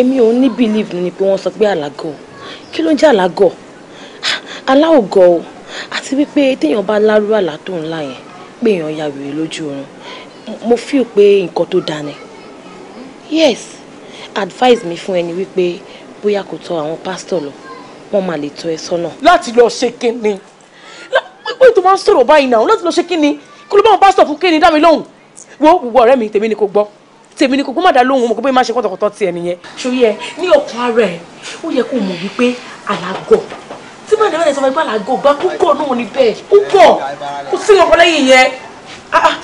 èmi ò ní belief ni pé wọ́n sọ pé alágọ̀ kí ló ń jẹ́ alágọ̀ aláògọ̀ ah, o àti wípé téèyàn bá lárú àlá tó ńlá yẹn pé èèyàn ya wèrè lójú oorun mo feel pé nǹkan tó dáa ni yes advice mi fún ẹni wípé bóyá kò tọ àwọn pásítọ̀ lọ wọ́n máa lè tọ́ ẹ sọ́nà. láti lọ ṣe kínni wípé tó máa ń sọ̀rọ̀ báyìí náà láti lọ ṣe kínni kó ló bá wọn pásítọ̀ fún kínni dá mi lóhùn wo wo ọ̀rẹ́ mi tèmi ni kò gbọ́ tèmi ni kò má dá lóhùn ọmọ kó bẹ́ẹ̀ má ṣe kọ́tọ̀kọ́tọ̀ tiẹ̀ nìyẹn. ṣòye ẹ ní ọkàn ara ẹ ó yẹ kó mọ̀ wípé àlágọ̀ tí màdà mẹ́ta sọ fún ipá àlágọ̀ gbá púpọ̀ náà ní bẹ́ẹ̀ púpọ̀ kò sí ọkọ lẹ́yìn yẹn. ah ah.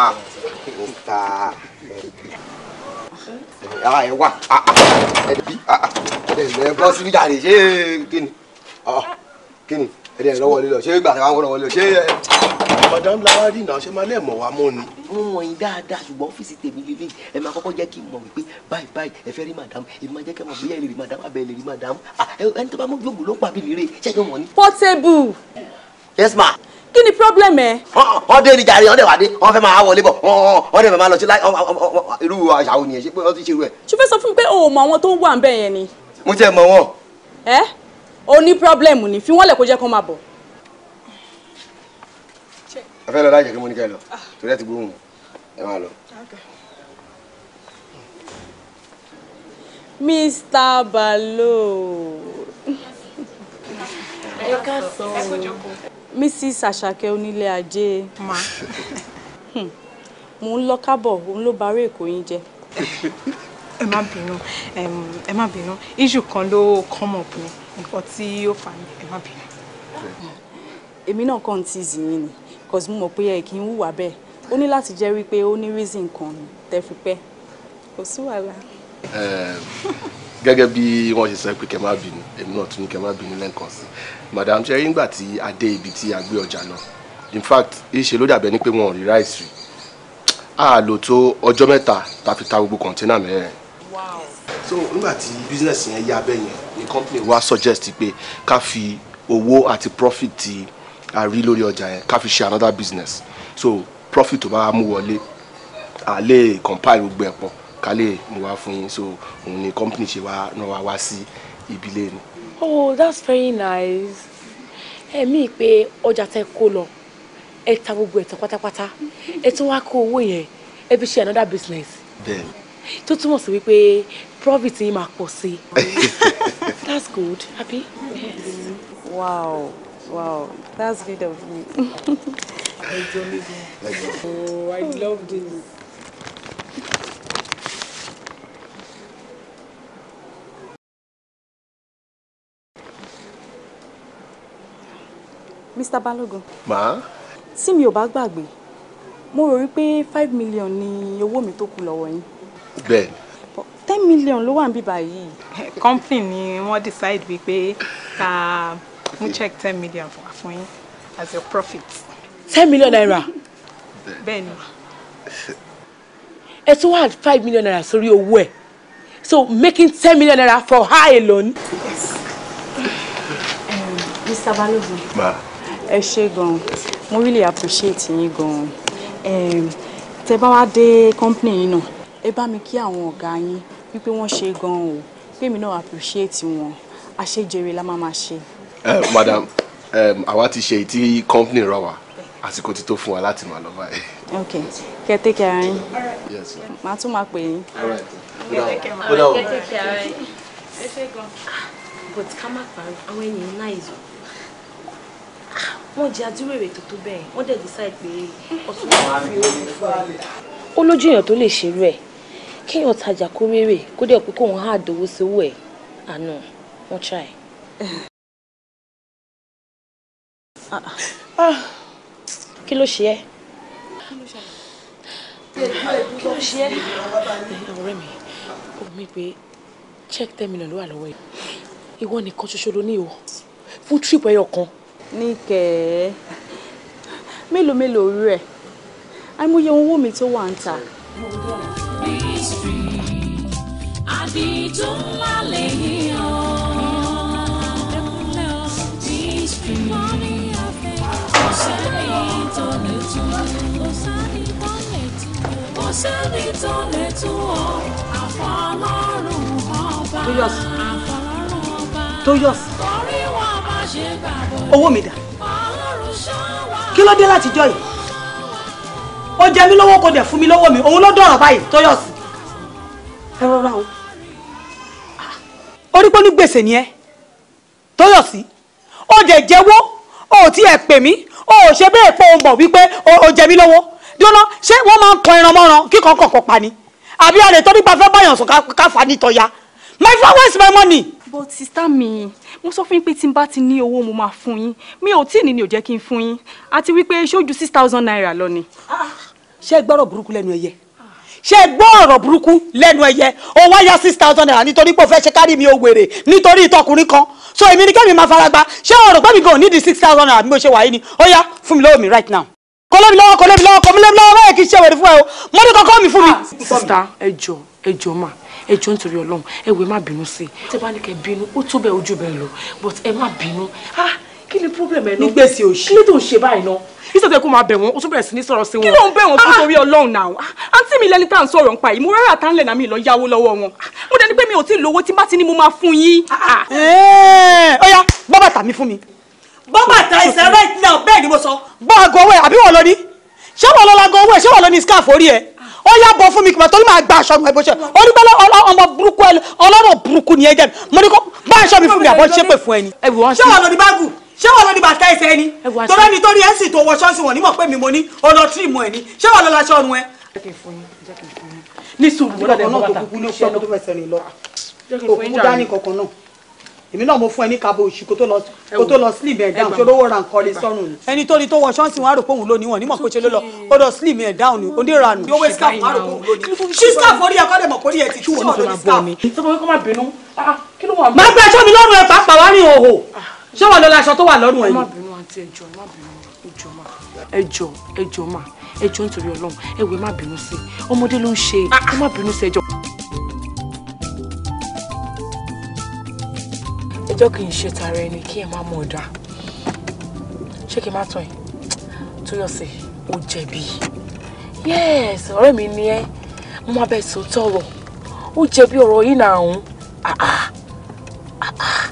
ah. ah Ah, ẹ wà ẹdẹbi ẹdẹ ẹ ah, ah. bọ síbi jàre ṣé kíni kíni ẹdẹ ẹ lọ́wọ́ lílọ ṣé gbàdá wọn lọ́wọ́ lílọ ṣé ẹ. madam lawari náà ṣe máa lẹ́ẹ̀mọ̀ wá mọ́ ni. mo mọ̀ yín dáadáa ṣùgbọ́n ọ́fíìsì tèmi lélẹ̀ ẹ máa kọ́kọ́ jẹ́ kí n mọ̀ wípé báyìí báyìí ẹ fẹ́ rí madam ẹ máa jẹ́ kí ẹ mọ̀ bóyá ẹ lè rí madam àbẹ̀ lè rí madam ẹni tó bá mú yòógùn ló pàbí lè rè ṣẹ́jọ́ mọ̀ kí ni problem ẹ. ọdẹ ni jàre ọdẹ wàdé wọn fẹ́ máa wọlé bọ ọdẹ fẹ́ máa lọ sí láì irú àṣà òní ẹ ṣe pé wọn ti ṣe irú ẹ. ṣùgbọ́n sọ fún mi pé o ò mọ àwọn tó ń wà ń bẹ̀ yẹn ni. mo tiẹ̀ mọ̀ wọn. ẹ o ní problem ni fi wọ́n lẹ̀ kó jẹ́ kó máa bọ̀. ẹ fẹ́ lọ láì jẹ́ kí mo ní kẹ́ lọ torí ẹ ti gbóhùn ẹ máa lọ. Mr. Balo. ẹ ká sọ mrs àṣàkẹ́ onílé ajé ma hmm. mò ń lọ kábọ̀ òun ló bá rè kò yín jẹ. ẹ má bínú ẹ má bínú iṣu kan ló come up ni nǹkan tí ó fà ní ẹ má bínú. èmi náà kàn ń tíìzì ni cos mo mọ̀ pé ẹ kì í hùwà bẹ́ẹ̀ ó ní láti jẹ́ wípé ó ní reason kan ni tẹ́ fi pẹ́ kò sí wàhálà gẹ́gẹ́ bí wọ́n ṣe sọ pé kẹ́ má bínú èmi náà tún ní kẹ́ má bínú lẹ́ǹkan sí madam ṣe rí ngbà tí a dé ibi tí a gbé ọjà lọ in fact ìṣe ló dàbẹ́ ni pé wọn ò rí ráìsì rí a lò tó ọjọ́ mẹ́ta tá fi ta gbogbo kọ̀ńténà mẹ́rin. so nígbà tí business yẹn yá bẹ́ẹ̀ yẹn ni company wa suggest pé ká fi owó àti profit tí a rí lórí ọjà yẹn ká fi ṣe another business so profit tó bá mú wọlé a lè compile gbogbo ẹ̀ pọ̀ kálẹ̀ mo wá fún yín so òun ni company ṣe wá náà wá wá sí ìbílẹ̀ ni. oh that's very nice ẹ̀mí pé ọjà tẹ kó lọ ẹ ta gbogbo ẹ̀tàn pátápátá ẹ tún wá kó owó yẹn ẹ fi ṣe another business. bẹ́ẹ̀ni. tó túmọ̀ sí wípé profit yín máa pọ̀ sí i that's good Happy? Yes. wow wow that's good of you. Oh, I love this. Mr. Balogun. Ma. Tí mi ò bá gbàgbé, mo rò wípé five million ni owó mi tó kù lọ́wọ́ yín. Bẹ́ẹ̀ni. ten million ló wà níbí báyìí. company ni wọ́n decide wípé ká mú check ten million for fún yín as your profit. ten million naira. Bẹ́ẹ̀ni. Ẹ tún wá five million naira sórí owó ẹ̀. So making ten million naira for her alone. Yes. Um, Mr. Balogun. Ma ẹ ṣe gan mo really appreciate yín gan tẹ bá wá dé company yín náà ẹ bá mi kí àwọn ọ̀gá yín wípé wọ́n ṣe gan o pé èmi náà appreciate wọn àṣejèrè la máa máa ṣe. Eh, madam àwa ti ṣe ìtí company rọ wa àsìkò ti tó fún wa láti máa lọ báyìí. ok kẹ tẹ kẹ ara yín màá tún máa pè yín. kó dáwọ kó dáwọ. but ká má parí àwọn ènìyàn náà ìzò wọ́n jẹ́ adúrèrè tó tó bẹ́ẹ̀ wọ́n dẹ̀ decide pé ọ̀tún wọn á fi omi fún ẹ. ó lójú èèyàn tó lè ṣerú ẹ̀ kéèyàn tajà kó rérè kó dẹ̀ pé kóun á dòwó sówó ẹ̀ àná wọ́n try. Ah, ah. kí ló ṣe ẹ́? kí ló ṣe ẹ́? ọ̀rẹ́ mi ò mí pé check ten million ló wà lọ́wọ́ yìí ìwọ nìkan ṣoṣo ló ní ìwọ fún trip ẹyọ kan níkẹ́ mélòó mélòó rú ẹ̀ àìmọye owó mi tó wà ń ta. àdìtú ńlá owó mi dà kí ló dé látijọ́ yìí ó jẹ mí lówó kò dẹ̀ fún mi lówó mi òun ló dọ̀rọ̀ báyìí tó yọ̀ sí ẹ rọra o orí pé ní gbèsè ni ẹ tó yọ̀ sí ó dẹ̀ jẹ́wọ́ ó ti ẹ̀ pè mí ó ṣe bẹ́ẹ̀ pé òun bọ̀ wípé ó jẹ mí lówó dúró ṣé wọ́n máa ń kan ẹran mọ́ran kíkan kọ̀ọ̀kan pa ni àbí àrètọ́ nípa fẹ́ báyọ̀ sùn ká fà á my flowers my money but sista mi mo sọ fún yín pé tí n bá ti ní owó mo máa fún yín mi ò tí ì ní ò jẹ́ kí n fún yín àti wípé ṣojú six thousand naira lọ ni. Ah, ṣé gbọ́rọ̀ burúkú lẹ́nu ẹyẹ ṣé gbọ́ ọ̀rọ̀ burúkú lẹ́nu ẹyẹ o wá yá six thousand naira nítorí pé o fẹ́ ṣe kárí mi ò wèrè nítorí ìtọkùnrin kan so èmi ni kẹ́mi máa fara gba ṣé ọ̀rọ̀ pé mi gan ò ní di six thousand naira bí mo ṣe wà yìí ni ó yá fún mi lọ́wọ́ mi right now kọlẹ́mi lọ́wọ́ kọlẹ́mi lọ́wọ́ kọlẹ́mi lọ́wọ́ báyẹn kì í ṣe wẹ̀rẹ̀ fún ẹ o mọ́tò kọ́kọ́ mi fún mi. Ah, sista ẹ jọ ẹ jọ máa ẹ jọ̀ọ́ nítorí Ọlọ́run ẹ wò ẹ má bínú sí i tẹ bá ní kẹ bínú ó tó bẹ́ẹ̀ ojú bẹ́ẹ̀ lọ but ẹ má bínú ah kí ni problem ẹ náà nígbèsè òṣì kí ló tó ń ṣe báyìí náà ìṣètò ẹkọ máa bẹ̀ wọ́n o tún bẹ̀rẹ̀ sí ní sọ̀rọ̀ sí wọn. kí ló ń bẹ̀ wọ́n fún ah! torí ọlọ́run náà ah! àǹtí mi lẹni tá à ń sọ̀rọ̀ nípa yìí mo rárá tá ń lẹ̀ náà mi lọ yáwó lọ́wọ́ wọn mo dẹni pé mi ò tí ì lówó tí bá ti ní mo máa fún yín. Ah, eh! ó yá bọ́ bàtà mi fún mi. bọ́ bàtà ìṣẹ́ right now bẹ́ẹ̀ ni mo sọ. bọ́ àgọ́ owó ẹ̀ àbí wọ́n lọ ní ṣé wọ́n lọ scarf orí ẹ̀ ó yá bọ̀ fún mi kìmọ̀ torí máa gba aṣọ mi ẹ̀ bó ṣe onígbẹ́lẹ́ ọmọ burúkú ọlọ́rọ̀ burúkú ni ẹ jẹ́ mo ní kó bá aṣọ mi fún mi àbọ̀ ṣépè fún ẹni. ṣé wàá lọ ní báàgù ṣé wàá lọ ní bàtà ẹsẹ̀ ẹni torí ẹni torí ẹ̀sìn tó wọ ṣọ́ọ̀ṣì wọn nímọ̀ pé mi mo ní ọlọ tí mo ẹni ṣé wàá lọ laṣọ ọrùn ẹ. ní sùúrù lọ́dọ̀ ẹ̀ mọ́ bàtà èmi náà mo fún ẹ ní kabo oṣù kó tó lọ slim ẹ down ṣe olówó ra nǹkan sọrùn ni. ẹni tó ni tó wọ ṣọ́ọ̀ṣì wọn rò pé òun ló wọn nímọ̀ pé ṣe ló lọ ó lọ slim ẹ down ni ó yóò wé scarf wọn rò pé òun ló ṣí scarf orí ẹ kọ́dẹ̀ mọ̀ kórìí ẹ ti tú wọn lórí scarf. sọ́kọ́ kó má bínú kí ló wà. má gbé ẹjọ́ mi lọ́rùn ẹ pàápàá wá ní òhò ṣé wà lọ́la aṣọ tó wà lọ́rùn ẹ ni. ẹjọ́ ẹjọ́ nítorí Ọlọ́run ẹ wẹ má bínú sí ọmọdé ló ń ṣe ẹ má bínú sí ẹjọ́. ẹjọ́ kì í ṣe tara ẹni kí ẹ má mọ̀ ọ̀dà ṣé kí n má tán ẹ Tóyọ̀sí ó jẹ̀bi yes ọ̀rẹ́ mi ni ẹ mo máa bẹ̀ sọ tọ̀rọ̀ ó jẹ̀bi ọ̀rọ̀ yìí náà òun ah, ah. Ah,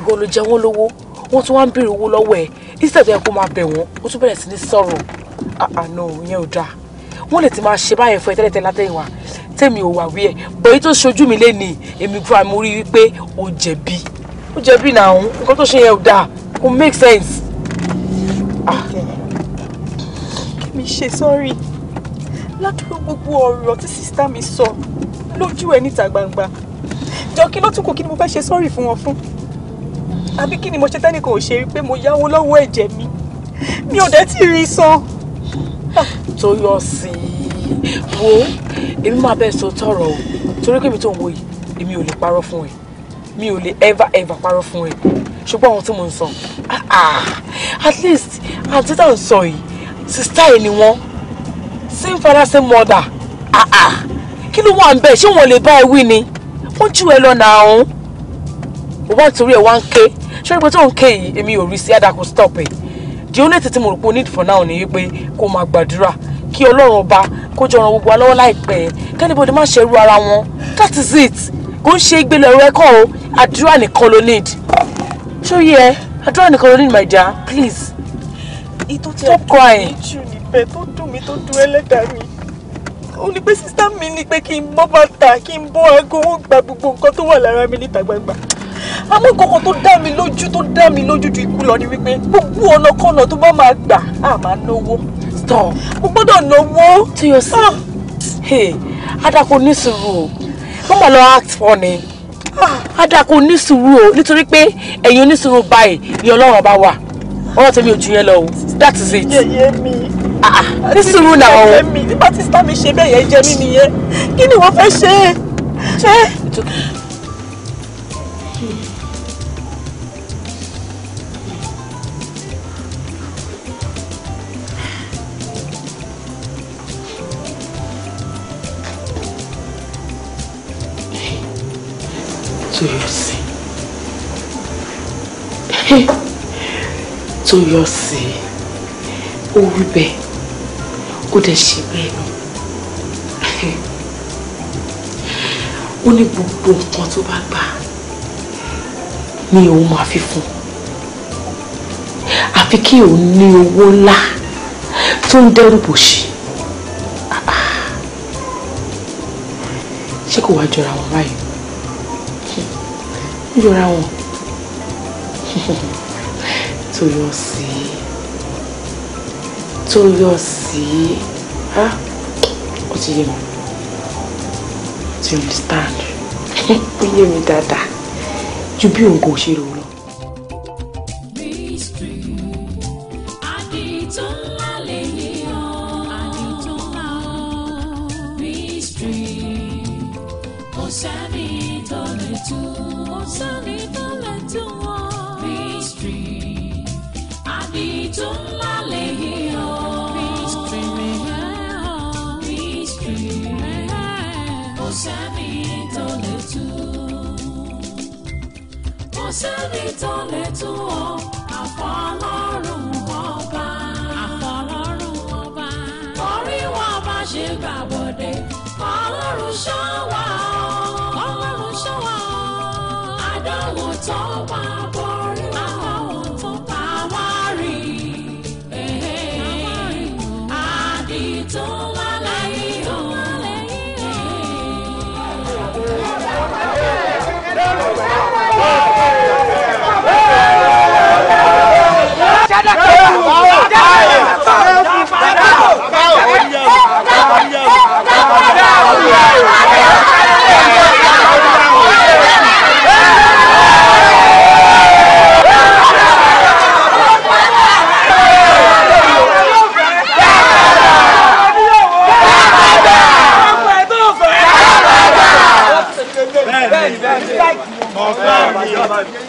ìwọ ló jẹ wọ́n lówó wọ́n tún wá ń béèrè owó lọ́wọ́ ẹ instead ẹ kó máa bẹ̀ wọ́n ó tún bẹ̀rẹ̀ sí ní sọ̀rọ̀ àná ìyẹn ò dáa wọ́n lè ti máa ṣe báyẹn fún ẹ tẹ́lẹ̀tẹ́lẹ̀ látẹ̀yìnwá tèmi ò wà wí ẹ bọ̀ èyí tó ṣojú mi lé ní èmi fúnra mi wípé ó jẹ̀bi ó jẹ̀bi náà òun nǹkan tó ṣe yẹn ò dáa kò make sense. Ah. mi ṣe sọ́rí ládùúgbò gbogbo ọ̀rọ̀ tí sísítà mi sọ lójú ẹ̀ níta gbangba jọ kí ló tún kí ni mo fẹ́ ṣe sọ́rí fún wọn fún àbí kí ni mo ṣe tẹ́nìkan ò ṣe rí pé mo yáwó lọ́wọ́ ẹ̀jẹ̀ mi mi ò dẹ́ tí rí san. Ah, tó yọ sí i wo èmi máa bẹ́ẹ̀ sọ tọrọ o torí pé èmi tó ń wo yìí èmi ò lè parọ́ fún ẹ mi ò lè ever ever parọ́ fún ẹ ṣùgbọ́n àwọn tí mo ń sọ ah, ah, at least àti tá à ń sọ yìí sista ẹ ni wọ́n same father same mother ah, kí ló wà ń bẹ̀ ṣé wọ́n lè bá ẹ wí ni wọ́n jù ẹ lọ nà ọ̀hún òwò àtúrí ẹ̀ wá ń ké ṣé wọ́n pẹ́ tó ń ké yìí èmi ò rí sí àdàkọ stop ẹ̀ the only thing tí mo rò pé o need for now ni wípé kó máa gbàdúrà kí ọlọ́run ọba kó jọ ran gbogbo wa lọ́wọ́ láìpẹ́ kẹ́nìbọ̀dé má ṣerú ara wọn that is it kò ń ṣe ìgbélé ọ̀rọ̀ ẹ̀kọ́ o àdúrà nìkan ló need ṣó yẹ àdúrà nìkan ló need my dear please stop crying. ìtú níbẹ̀ tó dùn mí tó dùn ẹlẹ́dàá mi ó ní pé sísá mi ní pé kí n bọ́ bàtà kí n bọ́ aago ó gba gbogbo nǹkan tó wà lára mi níta gbangba àmọ́ kankan tó dá mi lójú tó dá mi lójú ju ikú lọ ni wípé gbogbo ọ̀nà kọ́nà tó bá máa gbà á máa náwó. stop mo gbọ́dọ̀ náwó. tí yóò sè é adako ní sùúrù o wọ́n mọ̀ lọ act funny ah, adako onísùúrù o nítorí pé ẹ̀yin onísùúrù báyìí ni ọlọ́run ọba wà ọ̀rọ̀ tèmi ò ju yẹn lọ o that is it. yẹyẹ mi ah, ah. nísùúrù làwọn o. nígbà tí sísá mi ṣe bẹ́ẹ̀ yẹn jẹ́ mi nìyẹn kí ni wọ́n fẹ́ ṣe é. tó yọ sí ó wí bẹ́ẹ̀ ó dẹ̀ ṣe bẹ́ẹ̀ nù ó ní gbogbo nǹkan tó bá gbà ni òun máa fi fún àfi kí òun ní owó ńlá tó ń dẹ́rù bòṣì ṣé kò wá jọra wọn báyìí jọra hm, wọn. Tóyọ̀sí Tóyọ̀sí á ah, ó ti yé mi do you understand ó yé mi dáadáa ju bí òun kò ṣe rò ó tú o àfọlọ́run ọba. àfọlọ́run ọba. orí wọn bá ṣe gbàbọ̀dé ọlọ́run ṣọ́ wa o. ọlọ́run ṣọ́ wa o. àdánwò tó wà o.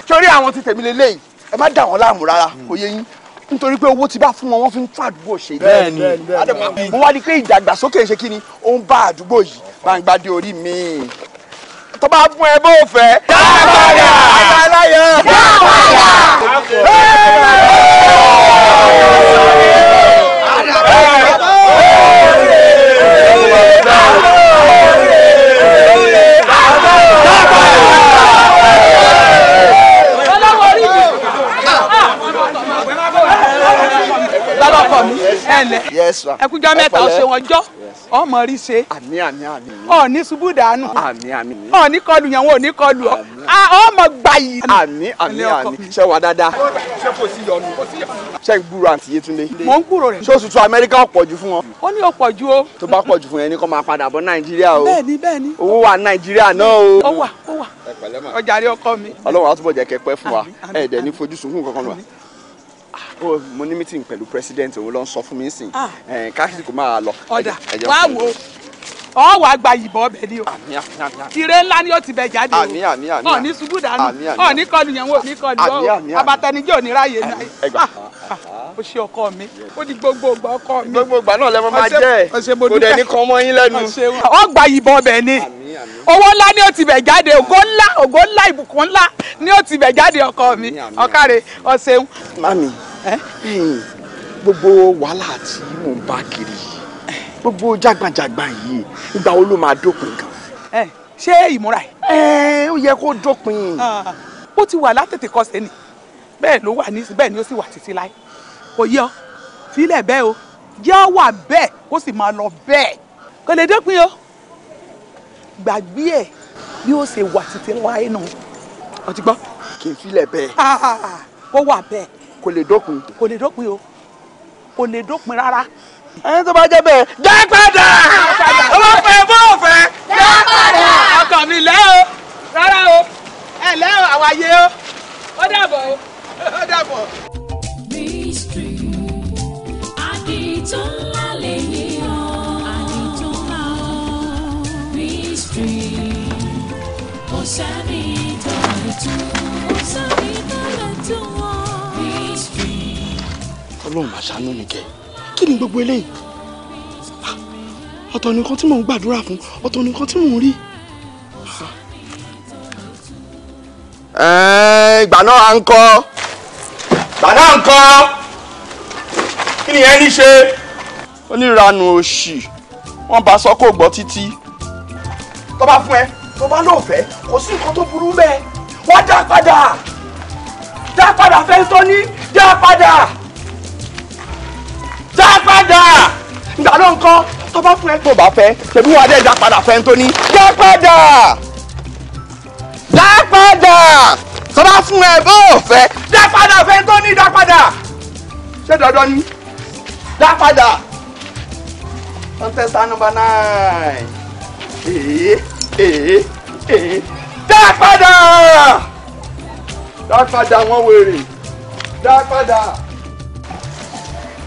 torí àwọn ti tèmi lélẹ́yìn ẹ má dà wọ́n láàmú rárá kò yé yín nítorí pé owó ti bá fún wọn wọ́n fi ń tún àdúgbò ṣe bẹ́ẹ̀ni mo wá di pé ìdàgbàsókè ṣe kí ó ń bá àdúgbò yìí gbangba dé orí mi tó fún ẹ bó fẹ́. dábàdà àbáláyọ dábàdà dábàdà. lọkọ mi ẹ lẹ ẹkújọ mẹ́ta ọsẹ wọn jọ ọmọ rí ṣe ọní ṣubú dànù ọní kọlù yẹn wọn ò ní kọlù ọ ọmọ gbayì. àmì àmì àmì ṣe wà dáadáa ṣe kò sí yọnu ṣe ń gbúrò àǹtí Yétúndé. mò ń gbúrò rẹ. ṣóòtútù Amẹ́ríkà pọ̀ jù fún wọn. ó ní o jù o. tó bá pọ̀ jù fún yẹn ní kó máa padà bọ̀ Nàìjíríà o. bẹ́ẹ̀ni bẹ́ẹ̀ni. owó wà Nàìjíríà náà o. ó wà ó wà ọjà rí ọkọ mi. Ọlọ́run á túbọ̀ jẹ́ kẹ́ fún wa ẹ̀ẹ́dẹ̀ ní fojú sunkún kankan wa. Ah, o mo ní meeting pẹ̀lú president òun ló ń sọ fún mi sìn ah. eh, káàkiri kò máa lọ. ọ̀dà wàá wo ọ wàá gba ìbọn ọbẹ ni o tìrẹ ńlá ni ó ti bẹ jáde o ọ ní ṣubú dànù ọ ní kọlu yẹn wo ní kọlu ọ abatẹnijẹ ò ní ráàyè náà o ah, ṣe ọkọ mi ó di gbogbo ọgbà ọkọ mi gbogbo ọgbà náà lẹ́mọ máa jẹ́ kò dẹ̀ ní kàn mọ́ yín lẹ́nu. ọ gba ìbọn ọbẹ ni owó ńlá ni ó ti bẹ jáde ògo ńlá ògo ńlá ìbùkún ńlá ni ó ti bẹ jáde ọkọ mi ọkàrẹ ọsẹun. mami Eh? Hmm. gbogbo wàhálà tí mò ń bá kiri gbogbo jágbàjàgbà yìí ìgbà wo ló máa dópin gan. Eh, ṣé ìmúra ẹ. ẹ eh, ó yẹ kó dópin. Ah, ó ti wà látètè kọ sẹ́ni bẹ́ẹ̀ ló wà ní bẹ́ẹ̀ ni ó sì wà títí láì kò yẹ ọ sílẹ̀ bẹ́ẹ̀ o jẹ́ wà bẹ́ẹ̀ kó sì máa lọ bẹ́ẹ̀ kò lè dópin o gbàgbé ẹ̀ bí ó ṣe wà títí láì nù. ọtí gbọ́ kì í filẹ̀ bẹ́ẹ̀. kó ah, wà bẹ́ẹ̀ kò lè dópin. kò lè dópin o kò lè dópin rárá. ẹni tó bá jẹ́ bẹ́ẹ̀ dá padà ọmọ fẹ́ bó fẹ́ dá padà ọkàn mi lẹ́ o rárá o ẹ lẹ́ o àwọn ayé o ó dàbọ̀ o ó dàbọ̀. mystery àdìtún lálẹ́ yìí o àdìtún lálẹ́ ọlọ́run máa ṣàánú mi kẹ́ kí ni gbogbo eléyìí ah, ọ̀tọ̀ nìkan tí mò ń gbàdúrà fún ọ̀tọ̀ nìkan tí mò ń rí. Ah. Eh, ìgbà náà à ń kọ́ ìgbà náà à ń kọ́ kí ni ẹni ṣe oníranù òṣì wọ́n bá sọ kó gbọ́ títí tó fún ẹ tó bá lóò kò sí nǹkan tó burú bẹ́ẹ̀ wọ́n dá padà dá padà fẹ́ ní dá padà dá padà ìgbà náà nǹkan tó bá fún ẹ tó bá fẹ́ tẹ̀bí wọn adé dá padà fẹ́ tó ní dá padà dá padà tó bá fún ẹ bó fẹ́ dá padà fẹ́ tó ní dá padà ṣé dandan ni dá padà contestant number nine èé èé èé dá padà dá padà wọn wèrè dá padà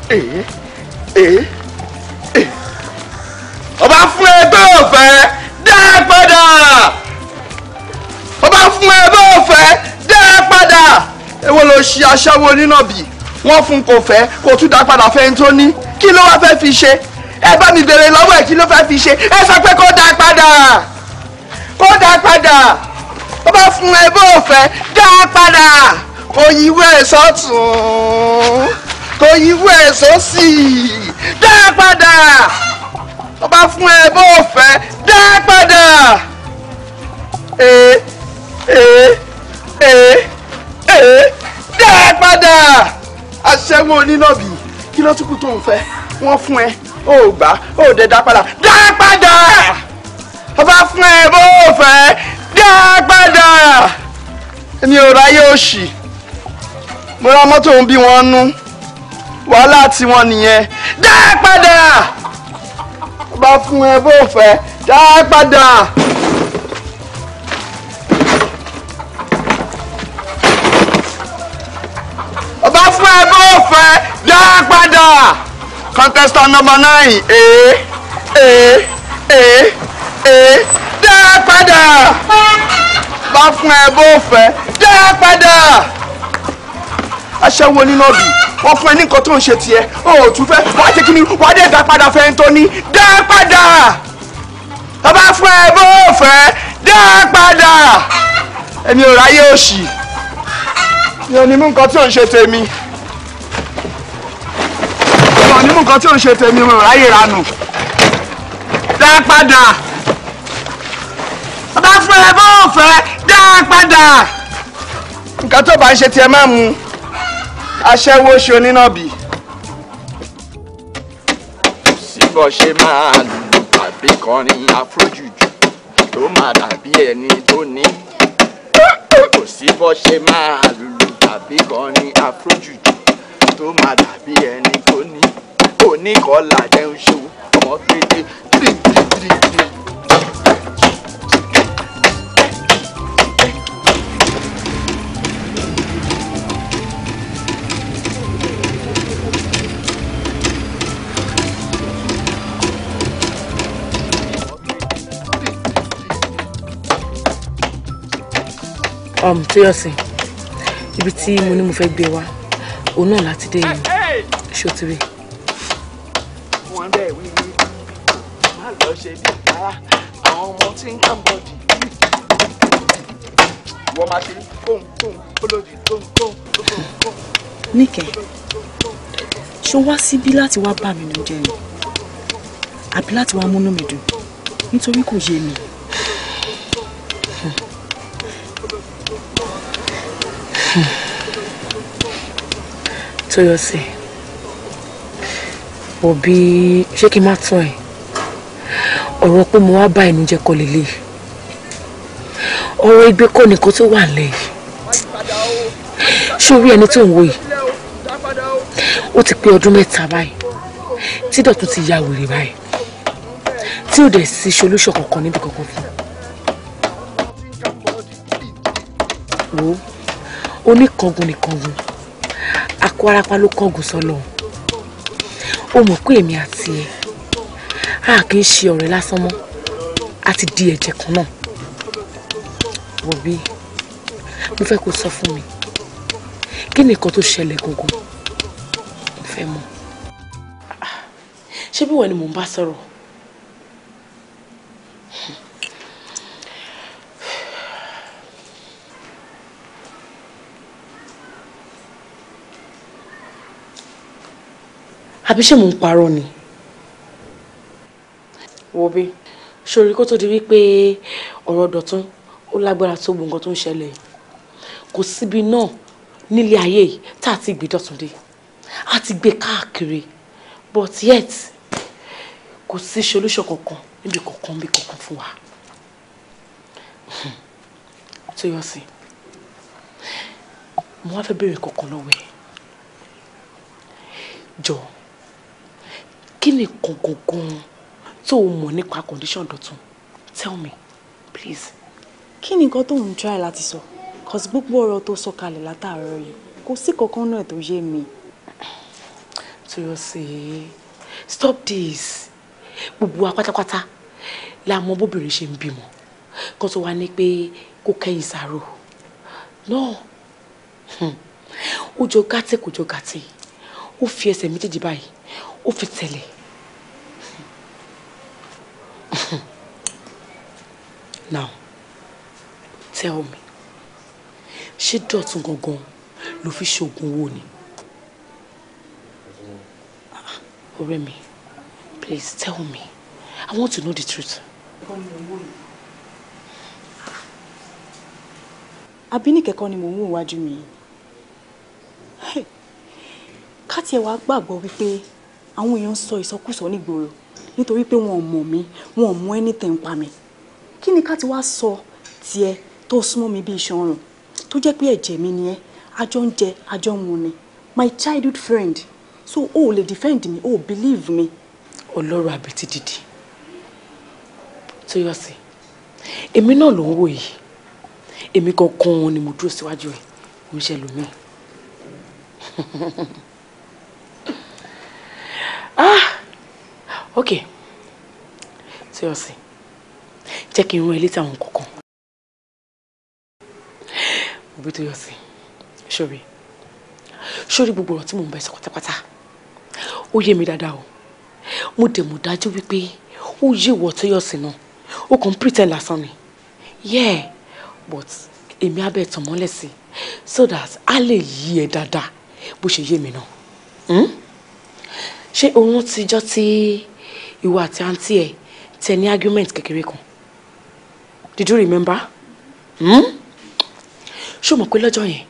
èé. Eh? Eh? ọba fún ẹ bó fẹ́ dá padà ọba fún ẹ bó fẹ́ dá padà èwo ló ṣe aṣẹ́wó nínàbì wọ́n fún kò fẹ́ kò tún dá padà fẹ́ tó ní kí ló wá fẹ́ fi ṣe ẹ bá mi bèrè lọ́wọ́ ẹ̀ kí ló fẹ́ fi ṣe ẹ sọ pé kó dá padà kó dá padà ó bá fún ẹ bó fẹ́ dá padà òyìnbó ẹ̀ sọ́tún tó yíwú ẹ̀ sósì dá padà tó bá fún ẹ bó fẹ́ dá padà ee ee ee ee dá padà aṣẹ́wó onínàbì kí ló tún kù tó ń fẹ́ wọ́n fún ẹ ó gbà ó dẹ̀ dá padà dá padà tó bá fún ẹ bó fẹ́ dá padà èmi ò ráyè òṣì mo ra mọ́tò ń bí wọn nú wàhálà tiwọn nìyẹn dá padà bá fún ẹ bó fẹ́ dá padà. ọba fún ẹ bó fẹ́ dá padà contestant number nine ee ee ee ee dá padà bá fún ẹ bó fẹ́ dá padà aṣẹ́wó nínú ọ̀bì wọ́n fún ẹ ní nǹkan tó ń ṣe tiẹ̀ ó ò tún fẹ́ wá ṣe kí ni wá dé dá padà fẹ́ ń tó ní dá padà bàbá fún ẹ bó fẹ́ dá padà èmi ò ráyè òṣì mi ò ní mú nǹkan tí ò ń ṣe tèmi mi ò ní mú nǹkan tí ò ń ṣe tèmi mi ò ráyè ranù dá padà bàbá fún ẹ bó fẹ́ dá padà nǹkan tó bá ń ṣe tiẹ̀ máa mú un aṣẹ́wó ṣonínàbì. síbọ̀ ṣe máa lù tàbí kọrin afrójújù tó máa dàbí ẹni tó ní. kò síbọ̀ ṣe máa lù tàbí kọrin afrójújù tó máa dàbí ẹni tó ní. oníkọlà jẹun ṣòwò ọmọ pété tìrìtìrìtìrì. Um, Tóyọ̀sìn ibi tí mo ní mo fẹ́ gbé wa òun náà láti dé yìí ṣó ti rí. wọn bẹ wí wí má lọ ṣe bí rárá àwọn ọmọ tí ń kàn bọdì wọ́n máa ṣe tóun tóun olódì tóun tóun tóun. níkẹ́ ṣó wá síbí láti wá bà mí nínú jẹ́ ni àbí láti wá múnú mi dùn nítorí kò yé mi. Tóyọ̀sí òbí ṣé kí n má tán ẹ̀ ọ̀rọ̀ pé mo wá bá ìnú jẹ́ kọ́ lélẹ̀ ọ̀rọ̀ igbe kọ́ ni kó tó wà nílẹ̀ yìí ṣé orí ẹni tó ń wò yìí ó ti pé ọdún mẹ́ta báyìí tí Dọ̀tun ti ya wèrè báyìí tí ò dẹ̀ sí solúṣọ̀ kankan níbi kankan fún un oníkangun nìkangun àkó arapa ló kangun sọlọ o mọ̀ pé èmi àti ẹ a kì í ṣe ọ̀rẹ́ lásán mọ́ a di ẹ̀jẹ̀ kan náà wọ̀bí mo fẹ́ kó sọ fún mi kí ni nǹkan tó ṣẹlẹ̀ gangan mo fẹ́ mọ̀. Ah, ṣé bí wọ́n ni mò bá sọ̀rọ̀ àbí ṣé mò ń parọ́ ni. wo bí sori kó tó di wípé ọ̀rọ̀ Dọ̀tun ó lágbára tó gbogbo nǹkan tó ń ṣẹlẹ̀ kò síbi náà nílé ayé yìí tá a ti gbé Dọ̀tun dé a ti gbé káàkiri but yet kò sí solution kankan níbi kankan bí kankan fún wa tó yọ sí mo wá fẹ́ béèrè kankan lọ́wọ́ ẹ̀ jọ̀ọ́ kí ni gangan tó o mọ̀ nípa condition Dọ̀tun tell me please. kí ni nǹkan tó ń try láti sọ cause gbogbo ọ̀rọ̀ tó sọ kalẹ̀ látàárọ̀ yìí kò sí kankan náà tó yé mi. Tóyọ̀sí stop this gbogbo wa pátápátá la mọ bóbìnrin ṣe ń bímọ kó tó wá ní pé kó kẹ́yìn sáró náà hmm. ó jọ gátẹ́ kò jọ gátẹ́ ó fi ẹsẹ̀ méjèèjì báyìí ó now tell me ṣé dọ̀tún gangan ló no fish owó ni ọ̀rẹ́ mi please tell me I want to know the truth. what do you mean? Hey, cut your work tiẹ̀ wá we pay àwọn èèyàn sọ ìsọkúsọ nígboro nítorí pé wọn ò mọ̀ mí wọn ò mọ anything pa mi kí ni ká ti wá sọ tiẹ̀ tó súnmọ́ mi bí iṣan ọrùn tó jẹ́ pé ẹ̀jẹ̀ mi ni ẹ́ àjọ ń jẹ àjọ mu ni my childhood friend so o ò lè defend me o ò believe me. ọlọ́rọ̀ àbètí dìdì tóyọ̀sí èmi náà ló ń wò yìí èmi kankan ni mo dúró síwájú ẹ̀ mo ń ṣe lómi. ah okay. seriously jẹ́ kí n rán ẹ létí àwọn kankan òbí tó yọ sí sórí sórí gbogbo ọ̀rọ̀ tí mò ń bá ẹ sọ pátápátá ó yé mi dáadáa o mo dẹ̀ mọ̀ dájú wípé ó yé ìwọ tó yọ sí náà ó kàn ń pretend yeah but èmi á bẹ̀ tàn mọ́lẹ̀ sí so that a ye, yí ẹ dáadáa bó ṣe mi náà. Hmm? ṣé òun tijọ́ tí ìwọ àti àǹtí ẹ̀ tẹ ní argument kékeré kan did you remember? Hmm? ṣó mọ̀ pé lọ́jọ́ yẹn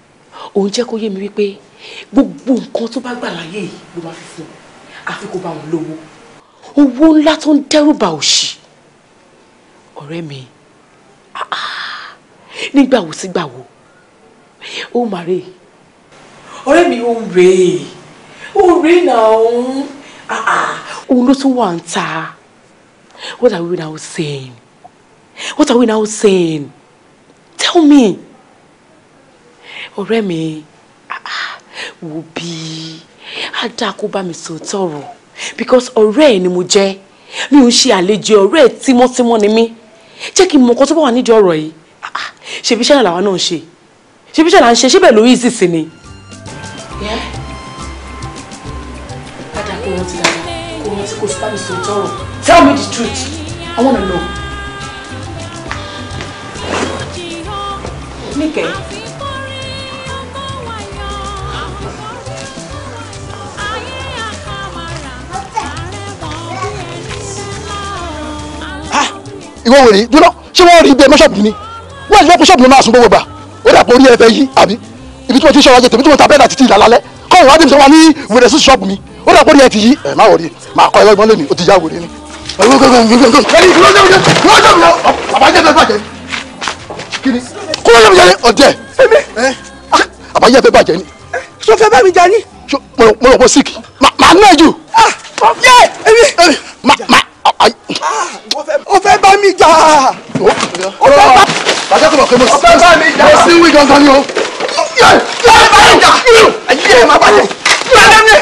òun jẹ́ kó yé mi wípé gbogbo nǹkan tó bá gbà láyé yìí ló máa fi fún un àfi kó bá òun lówó owó ńlá tó ń dẹ́rù bà òṣì ọ̀rẹ́ mi nígbà wo sígbà wo ó mà rèé ọ̀rẹ́ mi ó ń rèé ó rí nà Ah òun ah. ló tún wà ń what are we now saying what are we now saying tell me ọ̀rẹ́ mi ah. ah. bí á dáa kó bá mi sọ tọrọ because ọ̀rẹ́ ẹ̀ ni mo jẹ́ mi ò ń ṣe àlejò ọ̀rẹ́ ẹ̀ tímọ́tímọ́ ni mí jẹ́ kí n mọ̀ nǹkan tó bá ah. nídìí ọ̀rọ̀ yìí ah, ṣebí iṣẹ́ náà làwa náà ń ṣe ṣebí iṣẹ́ là ń ṣe ṣébẹ̀ lórí ìsinsìn ni. Yeah rántí dáadáa kò rántí kò sí bá mi sọ tọrọ tell me the truth I to know. Níkẹ́. ìwọ wèrè yìí dúró ṣé wọ́n rí ibẹ̀ mọ́ṣọ́ọ̀bù ni wọ́n ti fẹ́ kó ṣọ́ọ̀bù máa sùn gbogbo gbà ó dà pé orí ẹ̀ fẹ́ yí àbí ibi tí mo ti ń ṣọ́ra jẹ tèmi tí mo ta bẹ́ẹ̀ náà títí ìlàlálẹ́ kọ́ ìwádìí mi sọ wá ní wèrè sí ṣọ́ọ̀bù mi ó rà pọ́nìyàn ti yí ẹ̀ má wọ̀rí máa kọ́ ẹ̀rọ ìmọ̀ lónìí ó ti yá wòrè ni. àbájá fẹ́ bàjẹ́ ni. sọ fẹ́ bá mi jà ni. mo lọ bọ síkì màá náà jù. yé èmi. ma ma o fẹ́ bá mi jà. o fẹ́ bá bàjẹ́ tó bọ̀ pé mo mo, sí wí gangan ni o. yé yé bá mi jà. ayé má bàjẹ́. yé bá mi jà.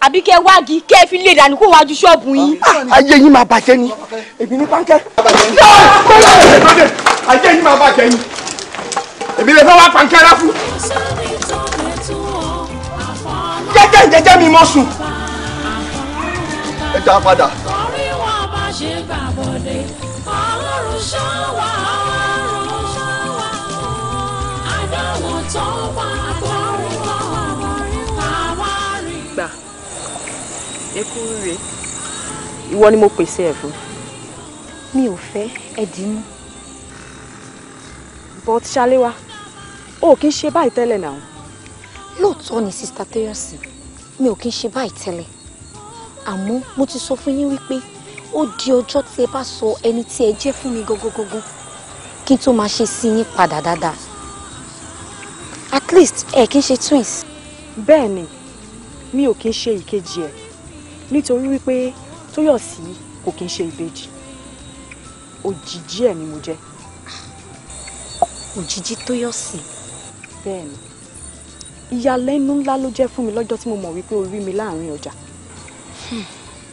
àbí kẹ wági kẹ fi lè dànù kó wájú ṣọ́ọ̀bù yín. Ah, ayé yín máa bàjẹ́ ni èmi ní pánkẹ́. ayé yín máa bàjẹ́ ni èmi lè fẹ́ wá pánkẹ́ rá fún. jẹ́jẹ́ jẹ́jẹ́ mi mọ̀ sùn. ẹ dá padà. ẹkú rèé ìwọ ni mo pèsè ẹ fún. mi ò fẹ́ ẹ̀dínú. but ṣaléwá o kì í ṣe báyìí tẹ́lẹ̀ náà. lóòótọ́ ni sista tóyọ̀sì mi ò kì í ṣe báyìí tẹ́lẹ̀ àmọ́ mo ti sọ fún yín wípé ó di ọjọ́ tí ẹ bá sọ ẹni tí ẹ jẹ́ fún mi gógógógó kí n tó máa ṣe sí yín padà dáadáa at least ẹ kì í ṣe twins. bẹ́ẹ̀ ni mi ò kì í ṣe ìkejì ẹ̀ nítorí wípé tóyọ̀sí kò kí n ṣe ìbejì òjìjí ẹ̀ ni mo jẹ́. òjìjí tóyọ̀sí. bẹ́ẹ̀ni ìyàlẹ́nu ńlá ló jẹ́ fún mi lọ́jọ́ tí mo mọ̀ wípé o rí mi láàrin ọjà hmm.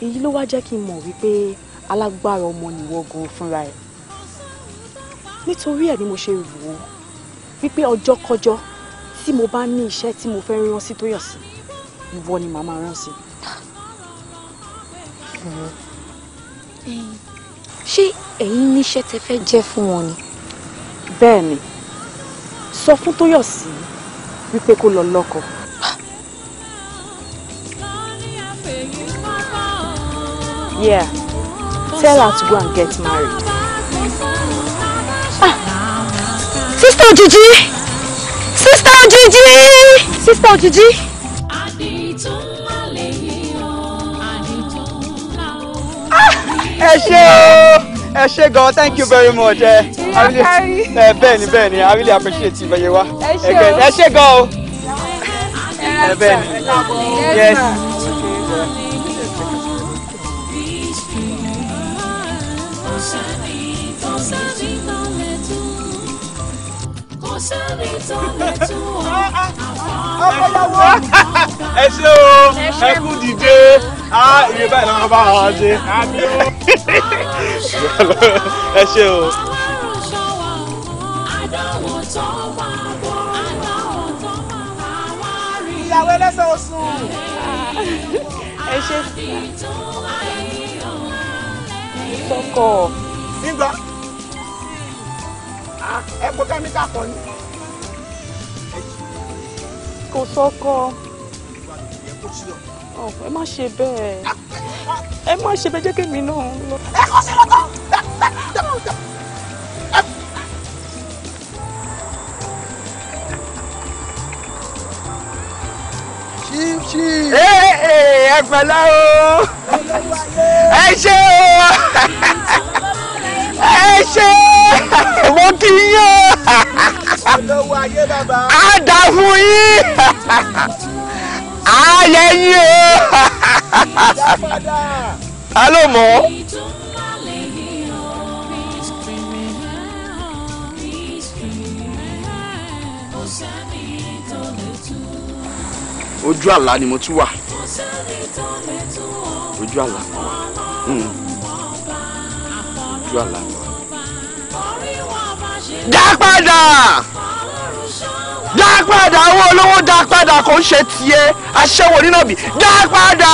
èyí ló wá jẹ́ kí n mọ̀ wípé alágbára ọmọ nìwọ gan fúnra ẹ̀ nítorí ẹ̀ ni mo ṣe rò ó wípé ọjọ́ kọjọ́ tí mo bá ní iṣẹ́ tí mo fẹ́ rán sí tóyọ̀sí ìwọ ni màá máa rán sí i fún wọn. ṣé ẹ̀yin níṣẹ́ tẹ fẹ́ jẹ́ fún wọn ni. bẹ́ẹ̀ ni sọ fún Tóyọ̀sí wípé kó lọ lọ́kọ. Yeah, tell her to go and get married. Ah. Sister Ojiji! Sister Ojiji! Sister Ojiji! ẹ ṣé o ẹ ṣé gan thank you very much ẹ eh. ẹ eh, bẹ́ẹ̀ni bẹ́ẹ̀ni i really appreciate you bẹyẹ wa ẹ ṣé gan o ẹ eh, bẹ́ẹ̀ni yes. ẹ ṣé o ẹ kú dìde ah iye báyìí náà bá wa ṣe. ẹ ṣe o. ìyàwó ẹlẹ́sẹ̀ oṣù. ẹ ṣe sọkọ. nígbà ẹ kó kẹ́míkà pọ̀ ni. kò sọkọ. Oh, ẹ má ṣe bẹ́ẹ̀ ẹ má ṣe bẹ́ẹ̀ jẹ́ kí èmi náà lọ. ẹ kọ́ sí lọ́tọ̀. ẹ pẹ̀lẹ́ o ẹ ṣé o ẹ ṣé mo kí yín o a dà fún yín ayé yín o alo mọ. ojú àlá ni mo tún wà ojú àlá ni mo wà hmm. ojú àlá ni mo wà. dá padà dá padà owó olówó dá padà kò ń ṣe tiẹ̀ aṣẹ́wó nínàbì dá padà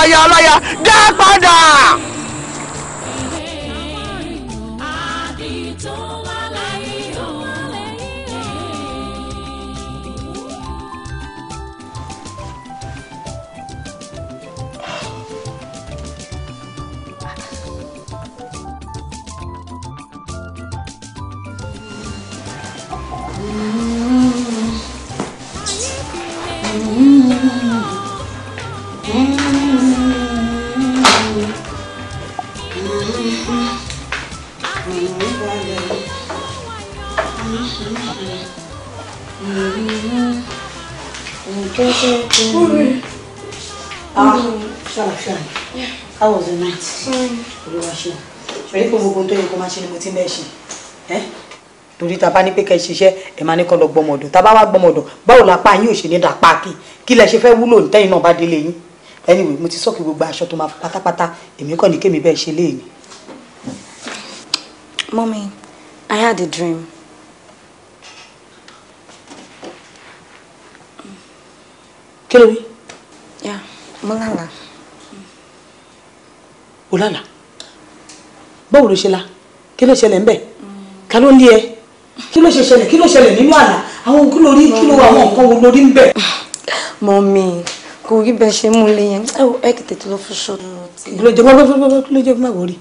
aya aláya dá padà. Ah, How was the night? Olúwaṣẹ́. Ṣèlérí pé gbogbo tó yẹ kó máa ṣe ni mo ti ń bẹ́ ṣe. Torí ta bá ní pé kẹ́ ẹ ṣiṣẹ́ ẹ̀ máa ní kọ́ lọ gbọmọdọ̀. Ta bá wá gbọmọdọ̀ báwo la pa yín ò ṣe ní dà páàkì. Kí lẹ ṣe fẹ́ wúlò ní náà bá délé yín. Anyway, mo ti sọ́ọ̀kì gbogbo aṣọ tó máa pátápátá. Èmi kàn ní kémi bẹ́ẹ̀ ṣe léyìn. Mummy, I had a dream. kí ló wí. ya mo lálàá. o lálàá báwo ló ṣe la kí ló ṣẹlẹ̀ ń bẹ̀ ká ló ń lé ẹ kí ló ṣe ṣẹlẹ̀ kí ló ṣẹlẹ̀ nínú àlá àwọn kí ló rí kí ló àwọn nǹkan wo lórí ń bẹ̀. mọ̀mí kò rí bẹ́ẹ̀ ṣe mú lé yẹn ẹ wò ẹ kìtẹ̀ tó lọ fún ṣọ́ọ̀tì. kí ló jẹ́ gbọ́dọ̀ kí ló jẹ́ má wọrí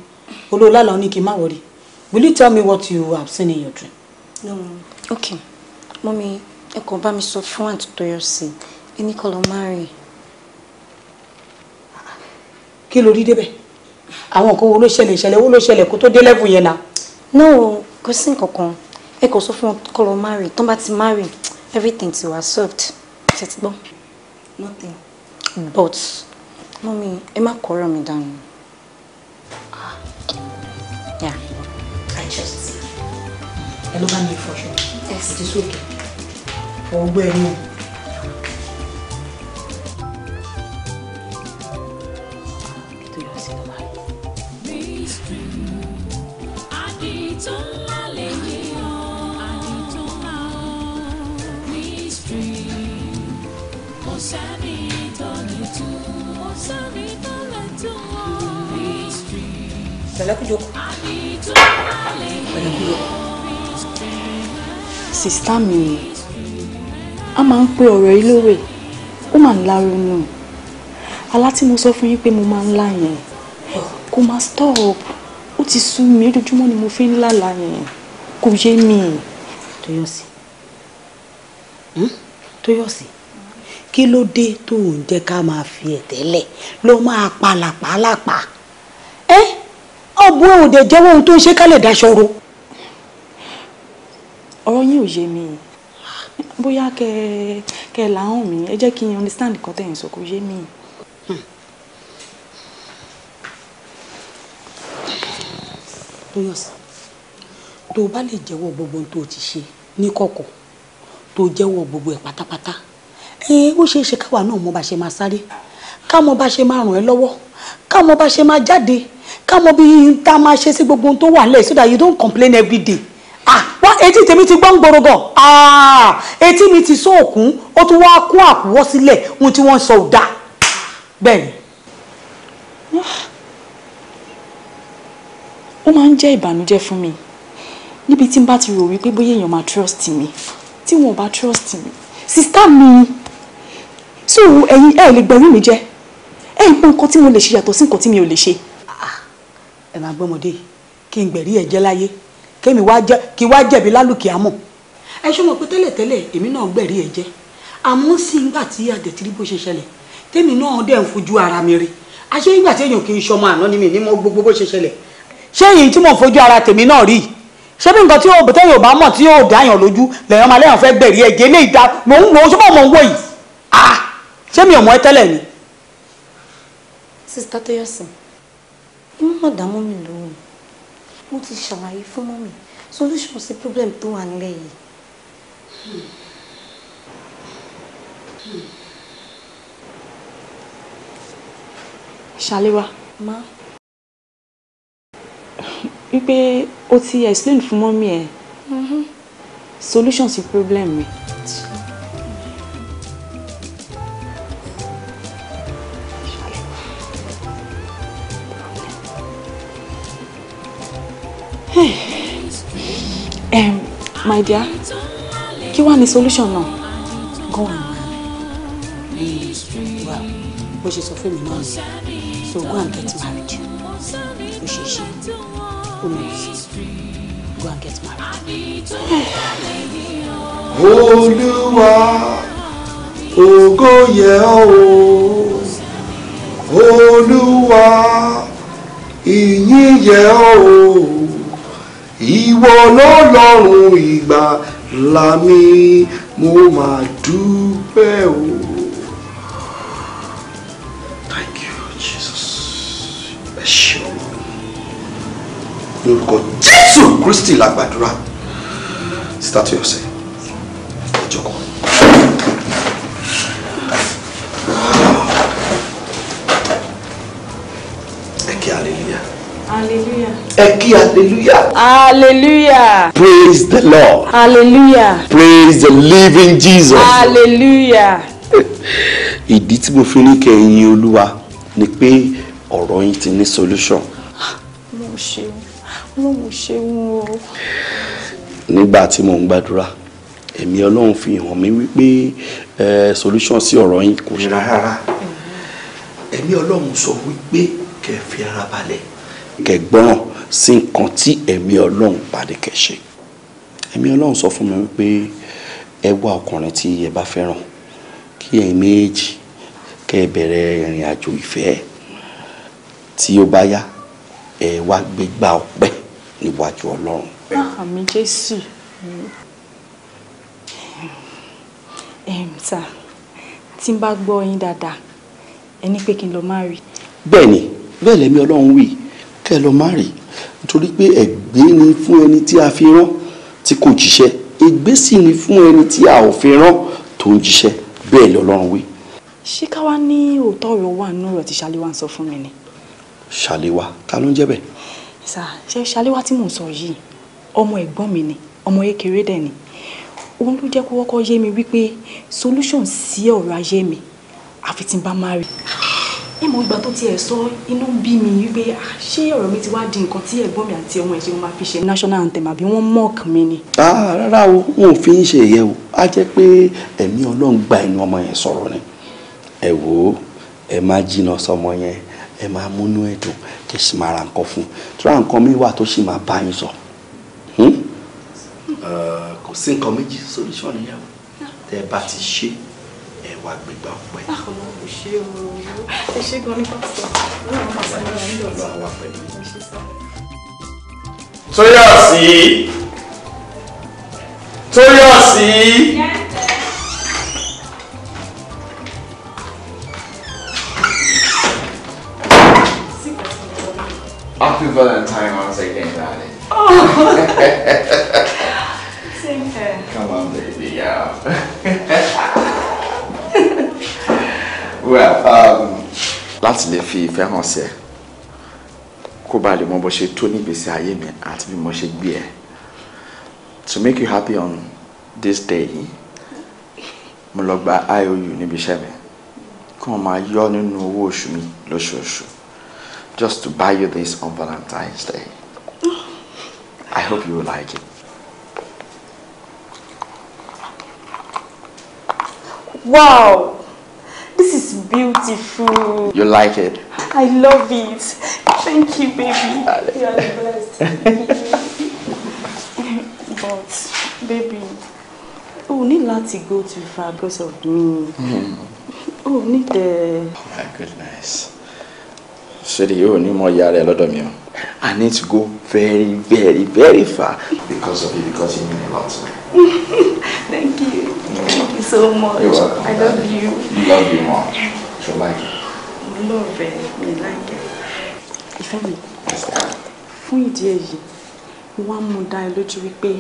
olówó lálàá ó ní kí n má wọrí will you tell me what you have seen in your dream. no okay mọ̀mí ẹ kò bá mi sọ fún àǹtí tó yọ sí i èmi kọ́ ló máa rìn. kí ló rí débẹ̀ àwọn nǹkan wo ló ṣẹlẹ̀ ìṣẹ̀lẹ̀ wo ló ṣẹlẹ̀ kó tó dé lẹ́fù yẹn náà. náà kò sí nǹkan kan ẹ kò sọ fún wọn kọ́ ló máa rìn tó bá ti máa rìn everything ti wà solved ṣe ti gbọ́. nothing. but mọ́mí ẹ má kọ́ ọ̀rọ̀ mi dànù. Ah. Yeah. I just. Ẹ ló bá mi fọṣọ. Yes. It is okay. Ọ̀gbẹ́ ẹ̀yìn. ìtàn ńlá lè yí ọ àní tó máa ọ mystery kò sẹ́ni tó lè tú kò sẹ́ni tó lè tú ọ mystery. pẹ̀lẹ́kùjọ. àní tó ńlá lè yí ọ mystery. sista mi a máa ń pe ọ̀rọ̀ yìí ó máa ń láronú alá tí fún yín pé mo máa ń lá yẹn máa stop ti sú mi ojoojúmọ́ ni mo fi ń lálàá yẹn kò yé mi. Tóyọ̀sí hmm? Tóyọ̀sí kí ló dé tó ń jẹ́ ká máa fi ẹ̀tẹ́lẹ̀ ló máa palàpálàpà ẹ́ ọ̀bùn ẹ̀ ò dẹ̀ jẹ́wọ́ ohun tó ń ṣe kálẹ̀ daṣọ́ro. ọ̀rọ̀ yín ò yé mi bóyá kẹ kẹ làwọn mi ẹ jẹ́ kí n understand nǹkan tẹ̀yìn sọ kò yé mi. Tóyọ̀sí tó o bá lè jẹ́wọ́ gbogbo ohun tó o ti ṣe níkọ̀kọ̀ tó o jẹ́wọ́ gbogbo ẹ̀ pátápátá ẹ̀ẹ́n ó ṣeé ṣe káwa náà mọ bá ṣe máa sáré ká mọ bá ṣe máa ràn ẹ́ lọ́wọ́ ká mọ bá ṣe máa jáde ká mọ bí tá a máa ṣe sí gbogbo tó wà lẹ́yìn so that you don't complain every day ah wá etí tèmi ti gbọ́n gbọ́rọ̀gọ̀ ah etí mi ti sọ òkun ó tún wá kó àkúwọ́ sílẹ̀ ohun tí wọ́n sọ ò bẹ́ẹ̀ ni ó máa ń jẹ́ ìbànújẹ́ fún mi níbi tí n bá ti rò wípé bóyá èèyàn máa trust mi tí wọn ò bá trust mi sista mi so ẹ̀yin ẹ lè gbẹ̀rú mi jẹ ẹ ń pọ nǹkan tí mo lè ṣe yàtọ̀ sí nǹkan tí mi ò lè ṣe. Ah, ẹ máa gbọ́mọdé kí n gbẹ̀rí ẹ̀ jẹ́ láyé kémi wá jẹ́ kí wá jẹ̀bi lálùkì àmọ̀ ẹ ṣe mọ̀ pé tẹ́lẹ̀tẹ́lẹ̀ èmi náà gbẹ̀rí ẹ̀ jẹ́ àmọ́ sí nígbà tí àdẹ̀tìrí bó ṣe ṣẹlẹ̀ tèmi náà dẹ̀ ń fojú ara mi rí àṣé nígbà tí èèyàn kì í ṣọmọ àná ni mi ní mọ̀ gbogbo bó ṣe ṣẹlẹ̀ ṣé èyí tí mò ń fojú ara tèmi náà rí ṣé bí nǹkan tí yóò tẹ́yìn ò bá mọ̀ tí yóò dáyàn lójú lẹ́yìn ọmọ aléyàn fẹ́ gbẹ̀rí ẹ̀jẹ̀ ilé ìta mò ń wo ṣùgbọ́n mò ń wò yìí ah ṣé mi ò mọ̀ ẹ́ tẹ́lẹ̀ ni. sista Tóyọ̀sìn inú náà dá mọ́mì lóhùn mo ti ṣàlàyé fún mọ́mì solution sí problem tó wà nílẹ̀ yìí. ṣàlẹ́wà. máa wípé o ti explain fún mọ́mí ẹ̀ mm-hmm. solution sí problem mi. um, my dear kí wàá ní solution náà go on bó ṣe sọ fún mi náà so go and get married ó ṣe ṣe. Who knows? Go and get married. Olúwa ògo o Olúwa ìyìn o ìwọ lọ́lọ́run ìgbàlà mi mo máa dúpẹ́ o. lórúkọ jésù kristi la gbàdúrà start your say ẹ hallelujah. Hallelujah. hallelujah. Hallelujah. Praise the Lord. Hallelujah. Praise the living Jesus. Hallelujah. Ìdí tí mo fi ní kẹ́ Olúwa ni pé ọ̀rọ̀ yín ti ní solution. Mo ṣeun ọlọ́run ṣeun o. nígbà tí mò ń gbàdúrà ẹ̀mí ọlọ́run fi hàn mí wípé solution sí ọ̀rọ̀ yín kò ṣe rárá ẹ̀mí ọlọ́run sọ wípé kẹ́ ẹ fi ara balẹ̀ kẹ́ ẹ gbọ́ràn sí nǹkan tí ẹ̀mí ọlọ́run pàdé kẹ́ ṣe ẹ̀mí ọlọ́run sọ fún mi wípé ẹ wá ọkùnrin tí ẹ bá fẹ́ràn kí ẹ̀yin méjì kẹ́ ẹ bẹ̀rẹ̀ ìrìn àjò ìfẹ́ tí ó bá yá ẹ wá gbégbá ọpẹ́ níwájú ọlọ́run. àmì jésù sà tí n bá gbọ́ yín dáadáa ẹni pé kí n lọ máa rí. bẹ́ẹ̀ ni bẹ́ẹ̀ lẹ́mí ọlọ́run wí kẹ́ ẹ lọ máa rí nítorí pé ẹ̀gbé ni fún ẹni tí a fi rán tí kò jíṣẹ́ ègbé sì ni fún ẹni tí a ò fi rán tó ń jíṣẹ́ bẹ́ẹ̀ lọ́lọ́run wí. ṣé káwá ní òótọ́ ọ̀rọ̀ wà nínú ọ̀rọ̀ tí ṣáléwá ń sọ fún mi ni. ṣáléwá ta ló ń jẹ́ bẹ́ẹ̀ sà ṣe ṣaléwá tí mò ń sọ yìí ọmọ ẹ̀gbọ́n mi ni ọmọ kékeré dẹ̀ ni òun ló jẹ́ kó kọ́kọ́ yé mi wípé solution sí ọ̀rọ̀ ayé mi àfi tí n bá má rí i ìmọ̀ ìgbà tó tiẹ̀ sọ inú bí mi wípé ṣé ọ̀rọ̀ mi ti wá di nǹkan tí ẹ̀gbọ́n mi àti ọmọ ẹ̀ṣẹ̀ máa fi ṣe national anthem àbí wọ́n mock mi ni. rárá o wọn ò fi ń ṣe ìyẹn o á jẹ́ pé ẹ̀mí ọlọ́run gba ẹnu ọmọ yẹn sọ̀rọ̀ ni ẹ wò ẹ má jìnnà sọmọ yẹn ẹ máa múnú ẹ dùn kẹ sì máa ra nǹkan fún un tura nǹkan mi wà tó sì máa bá yín sọ. Hmm? kò sí nǹkan méjì solution níyàwó tẹ ẹ bá ti ṣe ẹ wá gbégbá ọpẹ́. ọlọ́run ah, ṣe o ẹ ṣe gan Happy Valentine once again, darling. Oh. Same here. Come on, baby, yeah. well, um, láti lè fi ìfẹ́ hàn sí ẹ kó bá lè mọ bó ṣe tó ní ìgbésí ayé mi àti bí mo ṣe gbé ẹ to make you happy on this day yìí mo lọ gba IOU níbi iṣẹ́ mi kí wọ́n máa yọ nínú owó oṣù mi lóṣooṣù just to buy you this on Valentine's Day. I hope you will like it. Wow! This is beautiful. You like it? I love it. Thank you, baby. you are blessed. but, baby, o ní láti go too far because of me. Mm. O ní the... Oh my goodness. Sidi yóò ní mọ ìyá rẹ lọ́dọ̀ mi o. I need to go very very very far because of you because you mean a lot to me. Thank you. Mm. Thank you so much. You're welcome. I love you. You love you more. You like it. love it. Mi like it. Ìfẹ́ mi. Fún ìdí èyí, wọ́n á mú dá ẹ lójú wípé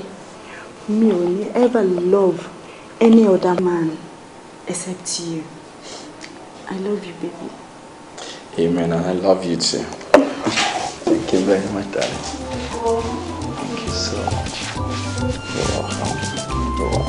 mi ò ní ever love any other man except you. I love you, baby. Amen. And I love you too. Thank you very much, darling. Thank you so much. You're welcome. You're welcome.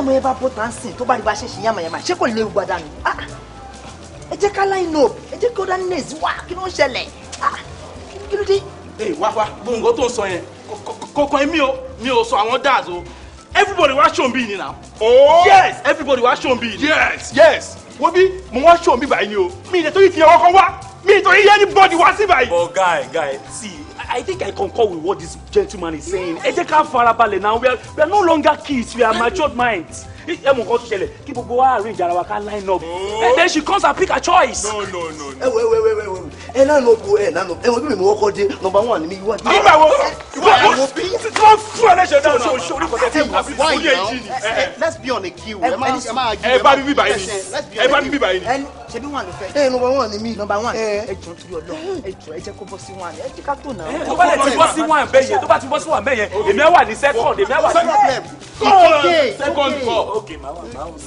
ọmọ yẹn bá bó tá ń sìn tó bá rí bá ṣe ṣe yàmàyàmà ṣé kò lè gbàdá nù ah, ah. ẹ jẹ́ ká láì nò ẹ jẹ́ kí ó dání nèzí wá kí ló ń ṣẹlẹ̀ ah, kí ló dé. ee wá wá gbogbo tó ń sọ yẹn kọ̀ọ̀kan mi ò mi ò sọ àwọn dáàz o everybody wá ṣòun bíi ni na. Oh! yes everybody wá ṣòun bíi ni. yes yes wo bí mo wá ṣòun bíi báyìí ni o mi ì nítorí tiẹ̀ kọ́kọ́ wá mi ì nítorí yẹ́nì bọ́ọ̀dì wá sí báyìí. but guy guy see I think I concur with what this gentleman is saying. Ẹ jẹ́ ká now. We are, we are no longer kids. We are matured minds. Ẹ mọ̀ nǹkan tó ṣẹlẹ̀ kí gbogbo wa arrange ara wa ká line up. Oh. And then she comes and pick her choice. No no no. Ẹ wẹ wẹ wẹ wẹ wẹ ẹ náà bo ẹ náà lọ ẹ wọ bí mi wọ́kọ́ dé nọmba one ni mi wá. Nọmba wo ìwọ wo bí. Tí wọ́n fún ẹ lẹ́sẹ̀ náà ṣe oṣù oríkọ̀tẹ́ tí mo fi fún yẹn jí ni. Let's be on a queue. Ẹ bá mi báyìí Ẹ bá mi báyìí ṣebí wọn ló fẹ́. ẹ nọmba wọn ni mí. nọmba wọn eh. ẹ jọ nítorí ọlọ ẹ jọ ẹ jẹ kó bọ sí wọn ẹ jẹ ká tó nà. Eh, tó bá ti bọ́ sí wọn bẹ́ẹ̀ yẹn tó bá ti bọ́ sí wọn bẹ́ẹ̀ yẹn èmi ẹ wà ní second èmi ẹ wà ní. second ball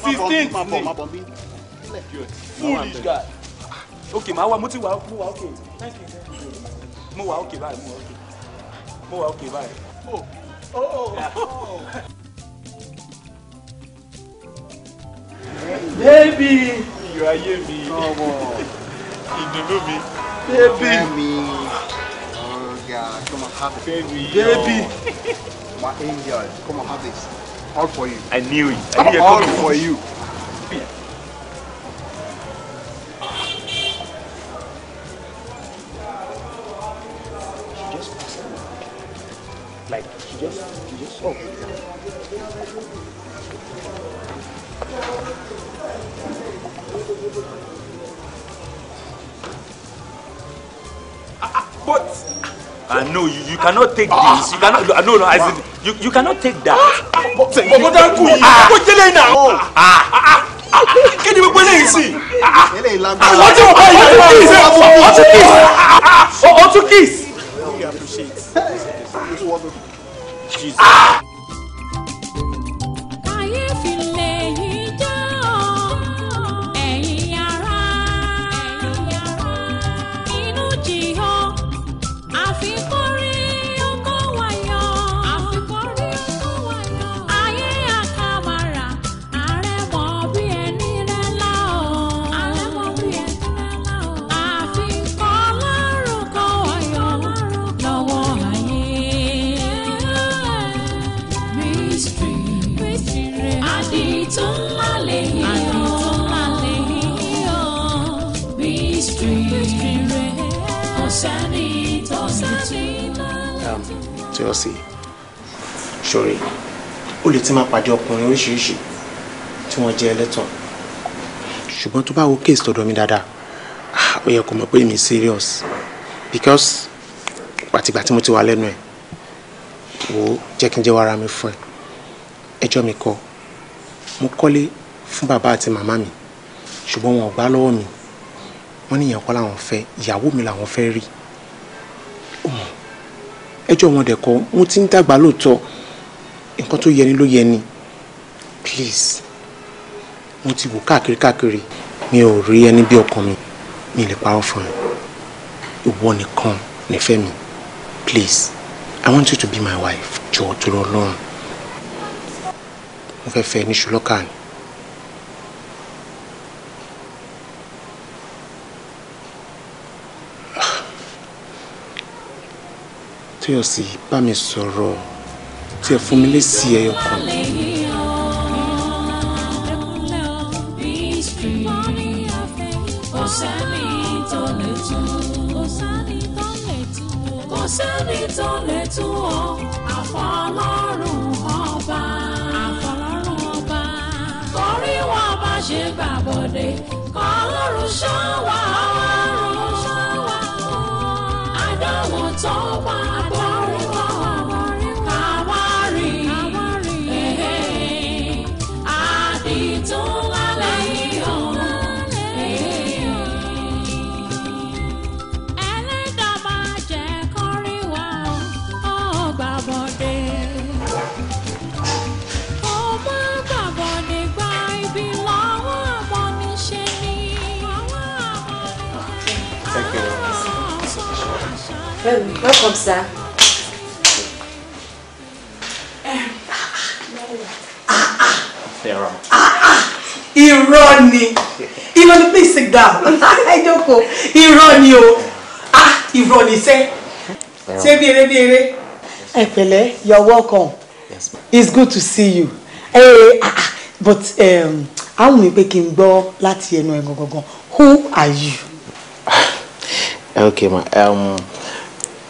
sixteen ni foolish guy. ok màá wá mo ti wà mo wà ok mo wà ok báyìí mo wà ok báyìí. Baby. You are ayọ̀ ayé mi me, mi bébì come and have it baby baby my angel come on, have this all for you I knew it I knew all for you. Like, she just, she just, oh. I know you, you cannot take this. You cannot. No, no. I said you, you cannot take that. Bọ̀bọ̀dá kù Ah. Kó jẹ́lẹ̀ iná. Ah. Kí ni gbogbo eléyìí sí? Ah, wọ́n ti wọ́n ti kiss. Wọ́n ti kiss. Wọ́n ti kiss. Ah, Jesus. tí wọ́n sì ṣòro ó lè ti máa pàdé ọkùnrin oríṣiríṣi tí wọ́n jẹ́ ẹlẹ́tàn ṣùgbọ́n tó bá wo case tọ̀dọ̀ mi dáadáa ah, ó yẹ kó mọ̀ pé mi serious because àtìgbà tí mo ti wà lẹ́nu ẹ̀ wò ó jẹ́ kí n jẹ́wọ́ ara mi fún ẹ ẹjọ́ mi kọ́ mo kọ́lé fún bàbá àti màmá mi ṣùgbọ́n wọn ò gbà lọ́wọ́ mi wọ́n níyàn kọ́ làwọn fẹ́ ìyàwó mi làwọn fẹ́ rí ẹjọ́ wọn dẹ̀ kọ́ mo ti ń dàgbà lóòótọ́ nǹkan tó yẹni ló yẹni please mo ti wò káàkiri káàkiri mi ò rí ẹni bí ọkàn mi mi lè parọ́ fún mi ìwọ nìkan nífẹ̀ẹ́ mi please i want you to be my wife jọ̀ọ́ tó lọ lọ́rùn mo fẹ́ fẹ́ ní ṣùlọ́kà ni. Tóyọ̀sí bá mi sọ̀rọ̀ tí ẹ fún mi lésì ẹyọ kan. Kò welcome sir. irọ́ ni irọ́ ni please sit down ẹ jókòó irọ́ ni o ah irọ́ ni sẹ́ ṣé bí eré bí eré. you're welcome yes, it's good to see you hey, ah, ah, but àwọn um, ìpè kí n gbọ́ láti ẹnu ẹ̀ gangan who are you. Ah, okay ma um,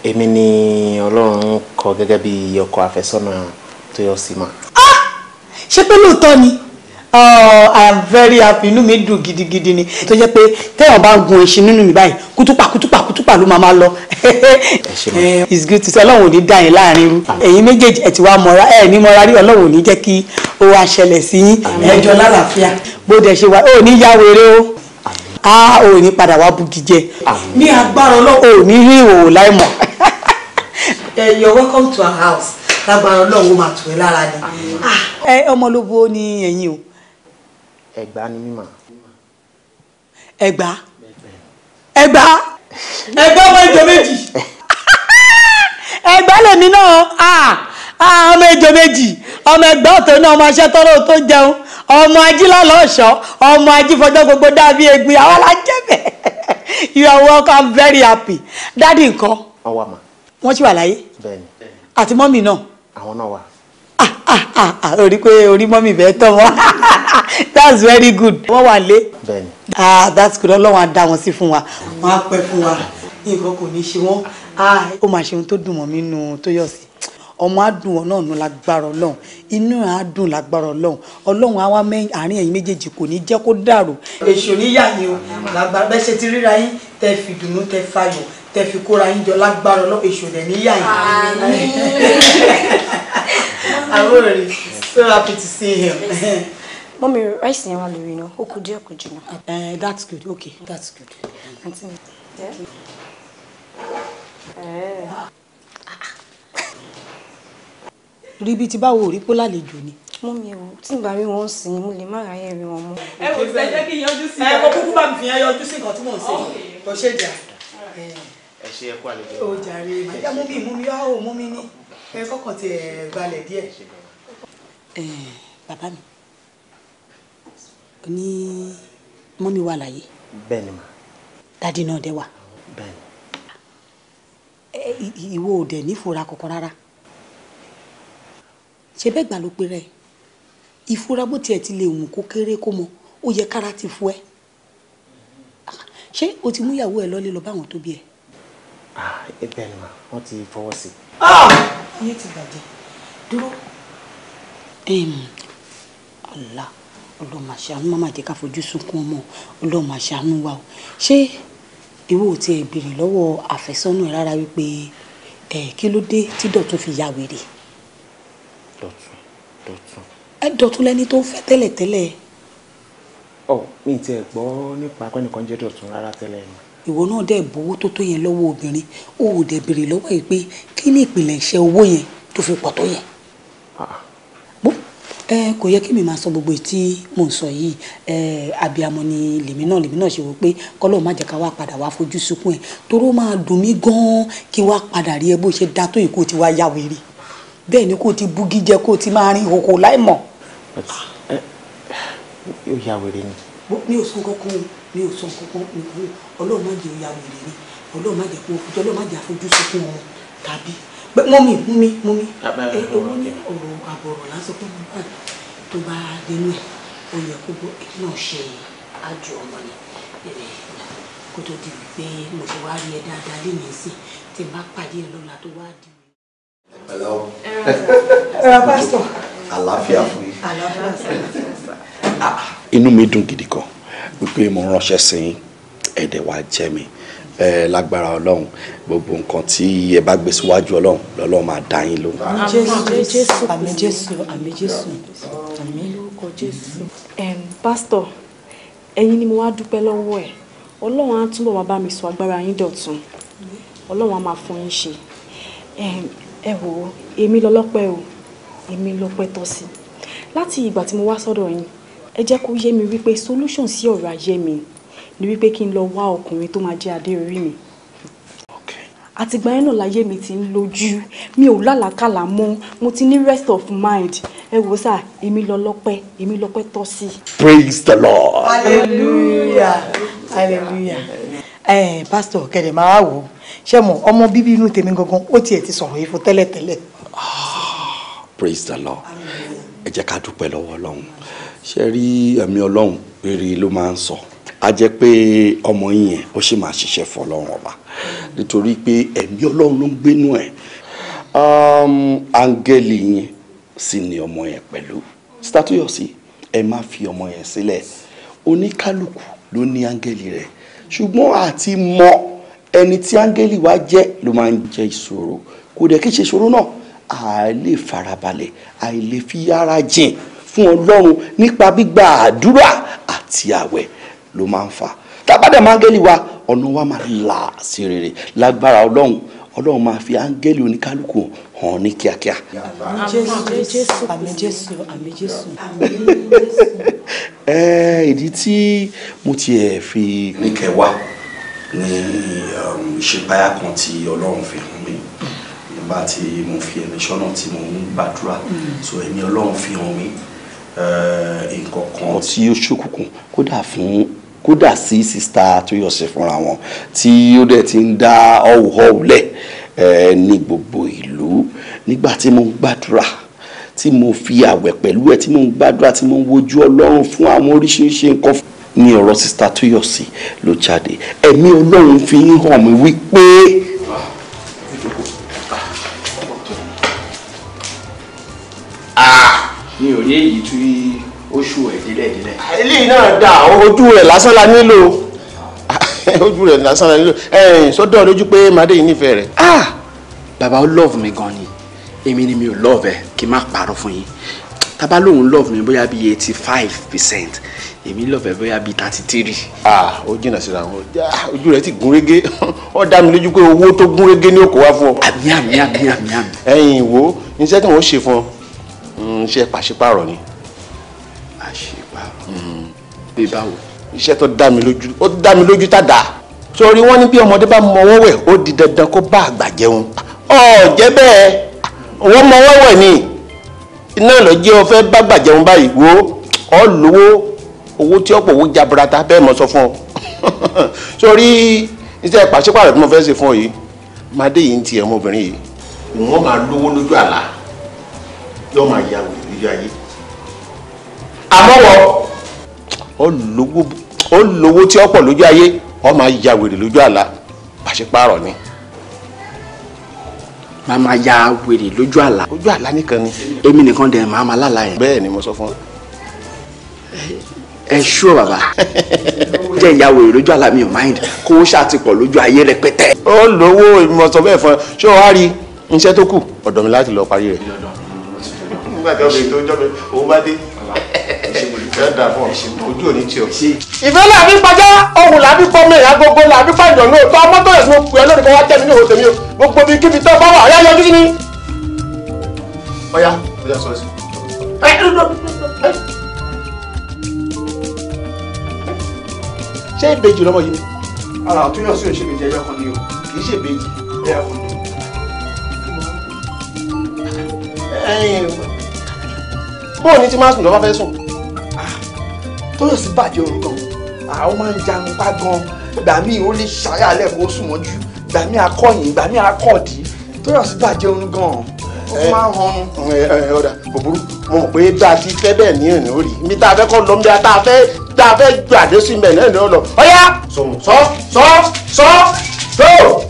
èmi ni ọlọ́run kọ gẹ́gẹ́ bí ọkọ àfẹ́sọ́nà Tóyọ̀símà. Ah! ṣé pé lóòótọ́ ni oh, I am very happy inú mi dùn gidigidi ni tó jẹ́ pé téèyàn bá gun ẹṣin nínú mi báyìí kútúpà kútúpà kútúpà ló máa máa lọ eh, it's good to say ọlọ́run ò ní dá yín láàrin irú ẹ̀yin méjèèjì ẹ̀ ti wá mọ́ra ẹ̀ ní mọ́ra rí ọlọ́run ò ní jẹ́ kí ó wá ṣẹlẹ̀ sí yín ẹjọ́ lálàáfíà bó dẹ̀ ṣe wá ò ní yá wèrè o a ah, ò ní padà wá bugi jẹ ní agbára ọlọ́run ò ní rí ìwòwò láì mọ̀. Eh, you're welcome to our house lágbára ọlọ́run máa tù ẹ́ lára ni. ẹ ah. eh, ọmọ olóbó ni ẹ̀yin o. ẹ̀gbá ni mímọ̀. ẹ̀gbá ẹ̀gbá ẹ̀gbá ọmọ ìjọ méjì. ẹ̀gbá lèmi náà ah, ah, ọmọ ìjọ méjì ọmọ ẹ̀gbá ọ̀tọ̀ náà ọmọ aṣẹ́ tọ́rọ̀ tó jẹun ọmọ ajílá lọ́ṣọ́ ọmọ ajífọjọ́ gbogbo dàbí egbin àwa la jẹ́ bẹ́ẹ̀ you are welcome very happy dádì nǹkan. ọwọ́ àmà wọ́n sì wà láyé àti mọ́mì náà. àwọn náà wà. Ah, ah, ah, orí pé orí mọ́mì bẹ́ẹ̀ tán wọn that's very good. wọ́n wà lé. ah that's good ọlọ́run á dá wọn sí fún wa wọ́n á pẹ́ fún wa nǹkan kò ní ṣe wọ́n ó máa ṣe ohun tó dùn mọ́ mi nù tó yọ̀ sí ọmọ adùn ọ̀nà ọ̀nà lágbára ọlọ́run inú adùn lágbára ọlọ́run ọlọ́run àwa àárín ẹ̀yin méjèèjì kò ní jẹ́ kó dàrú. èṣù níyà ni o làgbà bẹ́ẹ̀ ṣe ti ríra yín tẹ́ fi dùnú tẹ́ fayọ̀ tẹ fi kóra yín jọ lágbára ọlọ́pàá èṣù rẹ̀ níyà yìí. àwòrán so happy to see him. mọ́mí rice yẹn wà lórí iná ó kù díẹ̀ kù jìnnà. Eh, eh, that's good okay that's good. àǹtí mi. Eh. ríbi tí báwo rí pọ́ lálejò ni mú mi ẹ̀wò tí ìgbà rí wọn sìn mo lè má ráyè rí wọn mú. ẹ wò ó ṣe jẹ́ kí n yọjú sí i. ẹ kò bá mi fi yẹn sí nǹkan tí mò ń ṣe kò ṣe jà ẹ ṣe ẹ kú àlejò. ó jàre màjá mú mi mú mi á ò mú mi ní ẹ kọ́kàn ti ẹ̀ balẹ̀ díẹ̀. bàbá mi ní mọ́mí wà láyé. bẹ́ẹ̀ ni mà. dádì náà dé wà. bẹ́ẹ̀ ni. ìwọ ò dẹ̀ nífura kankan rárá ṣe bẹ́ẹ̀ gbà ló pe rẹ̀ ìfura bó tiẹ̀ ti lè wù kó kéré kó mọ ó yẹ kára ti fu ẹ́ ṣé o ti mú ìyàwó ẹ lọ́lé lọ báwọn tó bí ẹ ah, bẹ́ẹ̀ ni mà wọ́n ti fọwọ́ sí. Ah! ayé ti bàjẹ́ dúró àlá ọlọ́mà ṣàánú má má jẹ́ ká fojú sunkún ọmọ ọlọ́mà ṣàánú wa o ṣé ìwọ ò tiẹ̀ béèrè lọ́wọ́ àfẹ́sọ́nà rárá wípé ẹ kí ló dé tí dọ̀tún fi ya wèrè. dọ̀tún dọ̀tún. ẹ dọ̀tún lẹni tó ń fẹ́ tẹ́lẹ̀tẹ́lẹ̀. ọ oh, mi tiẹ̀ gbọ́ nípa pẹ́nìkan jẹ́ dọ̀tún rárá tẹ́lẹ̀ ni ìwọ náà dẹ̀ bówó tó tó yẹn lọ́wọ́ obìnrin ó ò dẹ̀ béèrè lọ́wọ́ yìí pé kí ni ìpìlẹ̀ iṣẹ́ owó yẹn tó fi pọ̀ tó yẹn. bó ah. ẹ kò yẹ kí mi máa sọ gbogbo tí mò ń sọ yìí ẹ abiyamọ ni lèmi náà lèmi náà ṣe wò pé kọ́lọ́ má jẹ́ ká wá padà wá fojú sunkún ẹ̀ toró máa dùn mí gan-an kí wá padà rí ẹ bó ṣe da tó yìí kó ti wá yá wèrè bẹ́ẹ̀ ni kó ti búgí jẹ kó ti máa rin ìhòhò láì mọ̀. ó yà wèrè ni. mi ò sún kankan o mi ò sọ kankan nǹkan ọlọ́run má jẹ́ ó ya wèrè ni ọlọ́run má jẹ́ kó kú ọlọ́run má jẹ́ àfojúsùn wọn tàbí mọ́ mi mú mi mú mi èwo ní ọ̀rọ̀ àbọ̀rọ̀ lásán pé mo kàn tó bá dénú ẹ̀ ó yẹ kó bọ́ èyí náà ṣe àjò ọmọ ni kó tó di pé mo ti wá rí ẹ dáadáa lẹ́yìn sí tí n bá pàdé ẹ lọ́la tó wá di. hello. ẹ ra pásítọ̀. àlàáfíà fún yín. àlàáfíà sí i. Ah, inú mi dùn gidi kan wípé mo ránṣẹ́ sí ẹ̀dẹ̀ wa jẹ́ mi ẹ lágbára ọlọ́run gbogbo nǹkan tí ẹ bá gbé síwájú ọlọ́run lọ́lọ́run máa dá yín lóhùn. àmín jésù àmín jésù àmín jésù àmín lórúkọ jésù. pásítọ̀ ẹ̀yin ni mo wá dúpẹ́ lọ́wọ́ ẹ̀ ọlọ́run á túbọ̀ wá bá mi sọ agbára yín dọ̀tun ọlọ́run á máa fún yín ṣe ẹ wò ó èmi lọ́lọ́pẹ́ o èmi lọ́pẹ́ tọ́ sí láti ìgbà tí mo wá sọ́dọ̀ yín ẹ jẹ́ kó yé mi wípé solution sí ọ̀rọ̀ ayé mi ni wípé kí n lọ wá ọkùnrin tó máa jẹ́ adé orí mi àtìgbà yẹn náà láyé mi ti ń lójú mi ò lálàkàlà mọ́ mo ti ní rest of mind ẹ wò sá èmi lọ lọ́pẹ́ èmi lọ́pẹ́ tọ́ sí. praise the lord. hallelujah hallelujah. ẹ pásítọ̀ kẹ̀lẹ́ máa wò ṣé mo ọmọ bíbí inú tèmi gangan ó tiẹ̀ ti sọ̀rọ̀ yìí fún tẹ́lẹ̀tẹ́lẹ̀. Ah, praise the lord ẹ jẹ́ ká dúpẹ́ lọ́wọ́ ọlọ́run ṣe rí ẹ̀mí ọlọ́run rere ló máa ń sọ a jẹ́ pé ọmọ yín yẹn ó sì máa ṣiṣẹ́ fọlọ́run ọba nítorí pé ẹ̀mí ọlọ́run ló ń gbénú ẹ̀ um, áńgẹ́lì yẹn sì ni ọmọ yẹn pẹ̀lú statúyọ̀sí ẹ má fi ọmọ yẹn sílẹ̀ oníkálukú ló ní áńgẹ́lì rẹ̀ ṣùgbọ́n àti mọ ẹni tí áńgẹ́lì wa jẹ́ ló máa ń jẹ́ ìṣòro kò dẹ̀ kí ṣe ìṣòro náà àìlè farabalẹ̀ àìlè fi yára jìn fún ọlọ́run nípa gbígba àdúrà àti àwẹ̀ ló máa ń fa tábàdà mángẹ́lì wa ọ̀nà wa máa là sí rere lágbára ọlọ́run ọlọ́run máa fi áńgẹ́lì oníkálukú hàn ní kíákíá. àmín Jésù àmín Jésù àmín Jésù. Eh, ìdí tí mo tiẹ̀ fi. ní kẹwàá ní um, ìṣèpáyà kan tí ọlọ́run fi hàn mí nígbà tí mo fi ẹ̀mí sọ́nà tí mo ń gbàdúrà mm. so ẹ̀mí ọlọ́run fi hàn mí. Eh, nǹkan kan tí ó ṣókùnkùn kódà fún kódà sí sista Tóyọ̀sí fúnra wọn tí ó dẹ̀ ti ń dá ọ̀hún lẹ̀ eh, ní gbogbo ìlú nígbà tí mo ń gbàdúrà tí mo fi àwẹ̀ pẹ̀lú ẹ̀ tí mo ń gbàdúrà tí mo ń wojú Ọlọ́run fún àwọn oríṣiríṣi nǹkan ní ọ̀rọ̀ sista Tóyọ̀sí ló jáde ẹ̀mí Ọlọ́run fi ń hàn mí wípé. náà dà ojú rẹ̀ lásán la nílò ojú rẹ̀ lásán la nílò sọ́dọ̀ lójú pé màdé yìí nífẹ̀ẹ́ rẹ̀. ah bàbá ó love mi gan ni èmi ni mi ò love ẹ kí n má parọ́ fún yín tábà lòun love mi bóyá bíi eighty five percent èmi love ẹ bóyá bíi thirty three. ah ó jìnnà síra wọn ah, ojú rẹ ti gún régé ó dá mi lójú pé owó tó gún régé ni ó kó wá fún ọ. àmì àmì àmì àmì àmì. ẹ̀yin wo iṣẹ́ tí wọ́n ṣe fún ọ hmm, iṣẹ́ pàṣípààrọ̀ ni bí báwo. iṣẹ́ tó dá mi lójú ó dá mi lójú tá dáa sórí wọn ní bí ọmọdé bá mọ ọwọ́ wẹ̀ ó di dandan kó bá àgbà jẹun ọ jẹ́ bẹ́ẹ̀ wọ́n mọ wẹ̀ ni iná lọ jẹ́ ọ fẹ́ bá àgbà jẹun báyìí wo ọ lówó owó tí ọ̀pọ̀ owó jaburata bẹ́ẹ̀ mọ sọ fún ọ sórí iṣẹ́ pàṣípàrọ̀ tí mo fẹ́ ṣe fún ọ yìí máa dé yìí ń tiẹ̀ ọmọbìnrin yìí wọ́n máa lówó lójú àlá yóò máa yàwó lójú ayé àmọ́ ó lówó tí ó pọ̀ lójú ayé ó máa ya wèrè lójú àlá pàṣípààrọ̀ ni. màá máa ya wèrè lójú àlá. lójú àlá nìkan ni. èmi nìkan dẹ̀ màá máa lálàá yẹn. bẹ́ẹ̀ ni mo sọ fún ọ. ẹ ṣú ọ bàbá jẹ́ ìyá wèrè lójú àlá mi ò mind kó o ṣàtìpọ̀ lójú ayé rẹpẹtẹ. ó lówó ìmọ̀tọ̀ bẹ́ẹ̀ fún ẹ ṣé o wá rí iṣẹ́ tó kù ọ̀dọ̀ mi láti lọ parí rẹ̀. nígbà tí ọbẹ̀ ojú òní tí o. ìfẹ́ làbí pàjá ohun làbí pọ́nmi ìyá gbogbo làbí fàjọ ní òótọ́ ọmọ tó yẹ sínú pè é lórí kan wá tẹ̀mí ní òtẹ̀mí o gbogbo bíi kíbi tó bá wà ọ̀yá yọjú sí ni. ọ̀yá ọ̀yá sọ̀rọ̀ sí. ṣé ìbejì lọ́mọ yìí ni. ara àtúnyọ̀ sí òṣèbejì ẹyọ kan ni o kì í ṣèbejì ẹyọ kan ni. bóò ni tí máa sùn lọ́wọ́ fẹ́ sùn. Tóyọ̀sí bàjẹ́ orun gan àwọn máa ń jarun pa gan gbà mí ó lè ṣàyàlẹ̀ kó sùn mọ́jú gbà mí akọ́yìn gbà mí akọ́ọ̀dì Tóyọ̀sí bàjẹ́ orun gan ó máa ń hanu. ọ̀dà kò burú mo mọ̀ pé bá a ti fẹ́ bẹ́ẹ̀ ní ìrìn orí mi tá a fẹ́ kọ́ lọ mi tá a fẹ́ tá a fẹ́ gbàdé sí mẹ́rin náà lọ. ọ̀yá sọ sọ sọ sọ tó.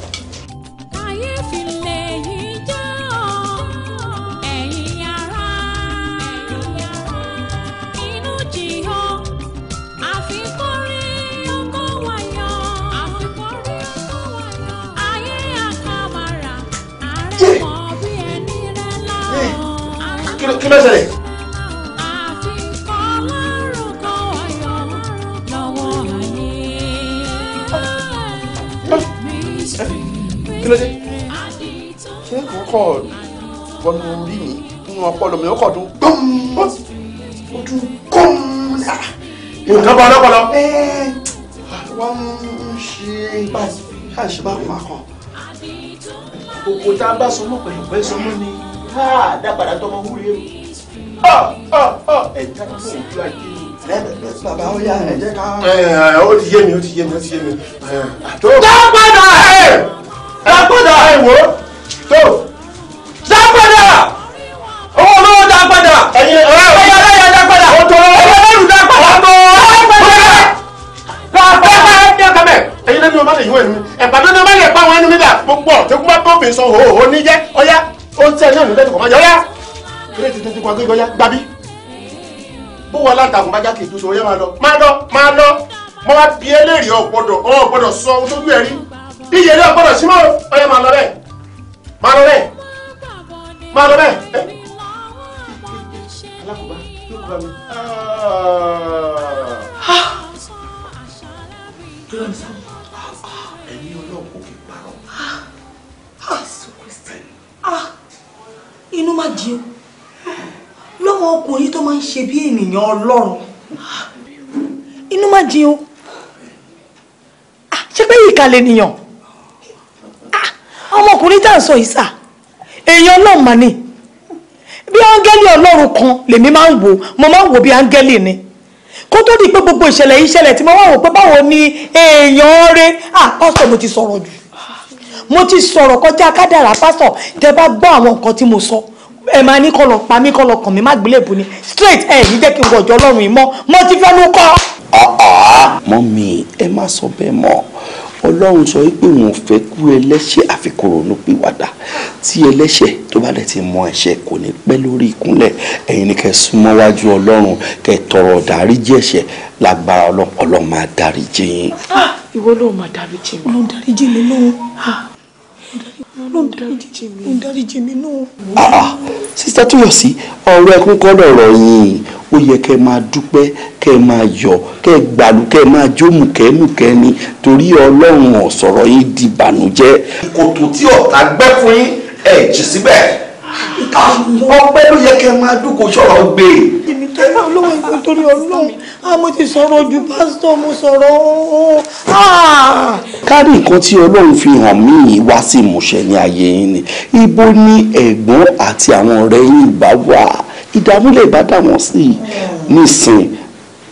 fẹ́ ṣẹlẹ̀. kí ló dé ṣé kọ́kọ́ wọnú orí mi nínú ọpọlọ mi ó kọ̀ dún gbọ́m ojú gbọ́m nǹkan bá lọ́pọlọ. wọ́n ń ṣe àṣẹ bá pa kan. òkòtà bá sọmọ pẹ̀lú pẹ̀lú sọmọ ni dáadáa padà tọmọ wúre o ẹja kò sí ojú ajé bàbá ó yá ẹ jẹ́ ká. ó ti yé mi ó ti yé mi ó ti yé mi. tó dápadà ẹ dápadà ẹ wò ó tó dápadà owó olówó dápadà ẹyin ọlọ́yà ọlọ́yà dápadà ọtọ ọlọ́yà ọlọ́yà dápadà ọtọ dápadà dápadà ní ọkàmẹ. ẹyin lẹ́nu ọba lè yún ẹnu ẹ̀pàdé ní ọba lè pa àwọn ẹnu mi dà gbogbo ọ̀tẹ̀kùnbá tó fi sọ òhòhò níjẹ́ ọ̀yá ó ń tẹ̀ ní ọ̀nà lẹ́tọ̀kọ̀ máa jẹ́ ọ̀yá ilé ti tẹ́tí kan gbégbé yá gbàbí bó wà látàkùn bá jákè tó sọ yá máa lọ máa lọ máa lọ mo wá bí eléyìí ọ̀gbọ́dọ̀ ọ̀gbọ́dọ̀ sọ ojú ẹ̀ rí iye ilé ọ̀gbọ́dọ̀ sí mọ́ ọyẹ máa lọ bẹ́ẹ̀ máa lọ bẹ́ẹ̀ máa lọ bẹ́ẹ̀ alákùnbá yóò kúra mi. Ah! ẹ̀yin ọlọ́run kò fi parọ́. Ah! Ah! inú má jẹun lọ́wọ́ ọkùnrin tó máa ń ṣe bí ènìyàn ọlọ́run inú má jin o ah, ṣé pé ìkàlẹ̀ ènìyàn ah, ọmọkùnrin tá à ń sọ yìí sà èèyàn ọlọ́run mà ni bí áńgẹ́lì ọlọ́run kan lèmi máa ń wò mo máa ń wò bí áńgẹ́lì ni kó tó di pé gbogbo ìṣẹ̀lẹ̀ yìí ṣẹlẹ̀ tí mo wá wò pé báwo ni èèyàn rẹ ah pásítọ̀ mo ti sọ̀rọ̀ jù mo ti sọ̀rọ̀ kọjá kádàrá pásítọ̀ tẹ bá gbọ́ àwọn nǹkan tí mo sọ. So ẹ máa ní kọ́ lọ pa mí kọ́ lọ kàn mí má gbélé bù ni straight ẹ ní jẹ́ kí n wọ̀jọ́ ọlọ́run ìmọ̀ mo ti fẹ́ nu kọ́. Ah, ah, mọ́mí ẹ má sọ bẹ́ẹ̀ mọ́ ọlọ́run sọ pé òun ò fẹ́ kú ẹlẹ́ṣẹ̀ àfikún ronú pìwàdà tí ẹlẹ́ṣẹ̀ tó bá dẹ̀ ti mọ ẹ̀ṣẹ̀ kò ní pẹ́ lórí ìkúnlẹ̀ ẹ̀yin ni kẹ́ ẹ súnmọ́ wájú ọlọ́run kẹ́ ẹ tọrọ dáríjì ẹ̀ṣẹ̀ lágbára ọlọ́run máa dáríjì yín. Ah, ìwọ ló máa dáríjì mi. ọlọ́run dáríjì mi lóhun lóun dáríjì mi lóun dáríjì mi náà. sísá tó yọ sí ọ̀rọ̀ ẹkún kọ́ lọ̀rọ̀ yìí ó yẹ kẹ́ máa dúpẹ́ kẹ́ máa yọ̀ kẹ́ gbàlú kẹ́ máa jó mùkẹ́mùkẹ́ ni torí ọlọ́run ọ̀sọ̀rọ̀ yìí di ìbànújẹ́. kòtò tí ọ̀tá gbẹ́ fún yín ẹ̀ jì síbẹ̀ ah, ah, ọpẹ́ ló yẹ kẹ́ máa dúkòó sọ̀rọ̀ gbé tọ́lá olówó ikú torí ọlọ́run àmọ́ ah, ti sọ̀rọ̀ ju pásítọ̀ mo sọ̀rọ̀ ooo. Ah! kárí nǹkan tí ọlọ́run fi hàn mí wá sí ìmúṣẹ ní ayé yín ni ibo ni ẹ̀gbọ́n àti àwọn ọ̀rẹ́ yín bá wà ìdààmú lè bá dà wọ́n sí i nísìn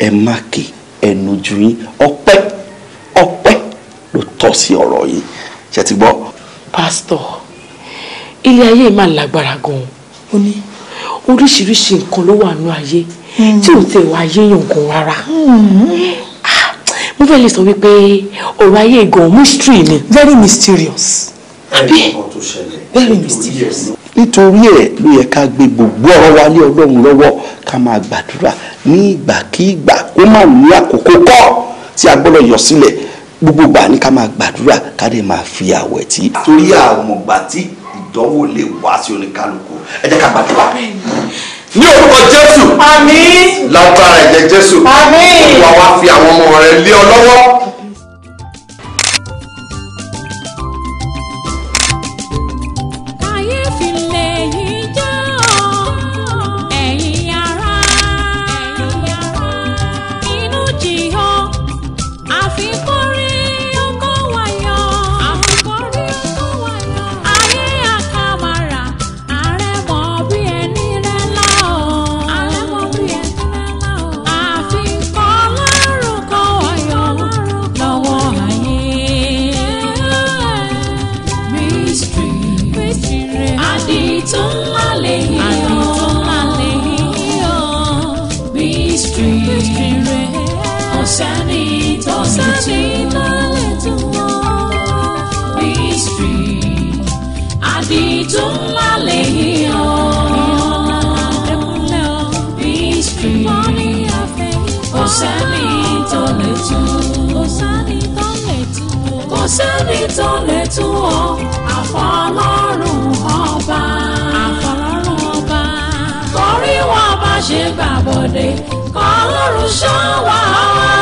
ẹ má kè ẹnu ju yín ọpẹ́ ọpẹ́ ló tọ́ sí ọ̀rọ̀ yìí ṣe ti gbọ́. pásítọ̀ ilé ayé máa lágbára gan-an oríṣiríṣi nǹkan ló wà nù ayé tí ò tẹ̀ wá ayé yàn gan rárá ah, mo fẹ́ lè sọ wípé ọ̀rọ̀ ayé gan mystery ni very mysterious very mysterious. nítorí ẹ ló yẹ ká gbé gbogbo ọ̀rọ̀ wa lé Ọlọ́run lọ́wọ́ ká máa gbàdúrà ní ìgbàkígbà kó má ní àkókò kọ́ tí a gbọ́dọ̀ yọ sílẹ̀ gbogbo gbà ní ká máa gbàdúrà ká lè máa fi àwẹ̀ tí. torí àwọn ọgbà tí ìdánwò lè wá sí oníkálukú ẹ jẹ́ ká gbàdúrà ní orúkọ jésù àmín látara ẹ̀jẹ̀ jésù àmín wà wá fi àwọn ọmọ rẹ lé ọ lọ́wọ́ tó lè tú ọ àfọlọ́run ọba. àfọlọ́run ọba. torí wọn bá ṣe gbàbọ̀dé kọ́ lọ́rùn ṣọ́ wà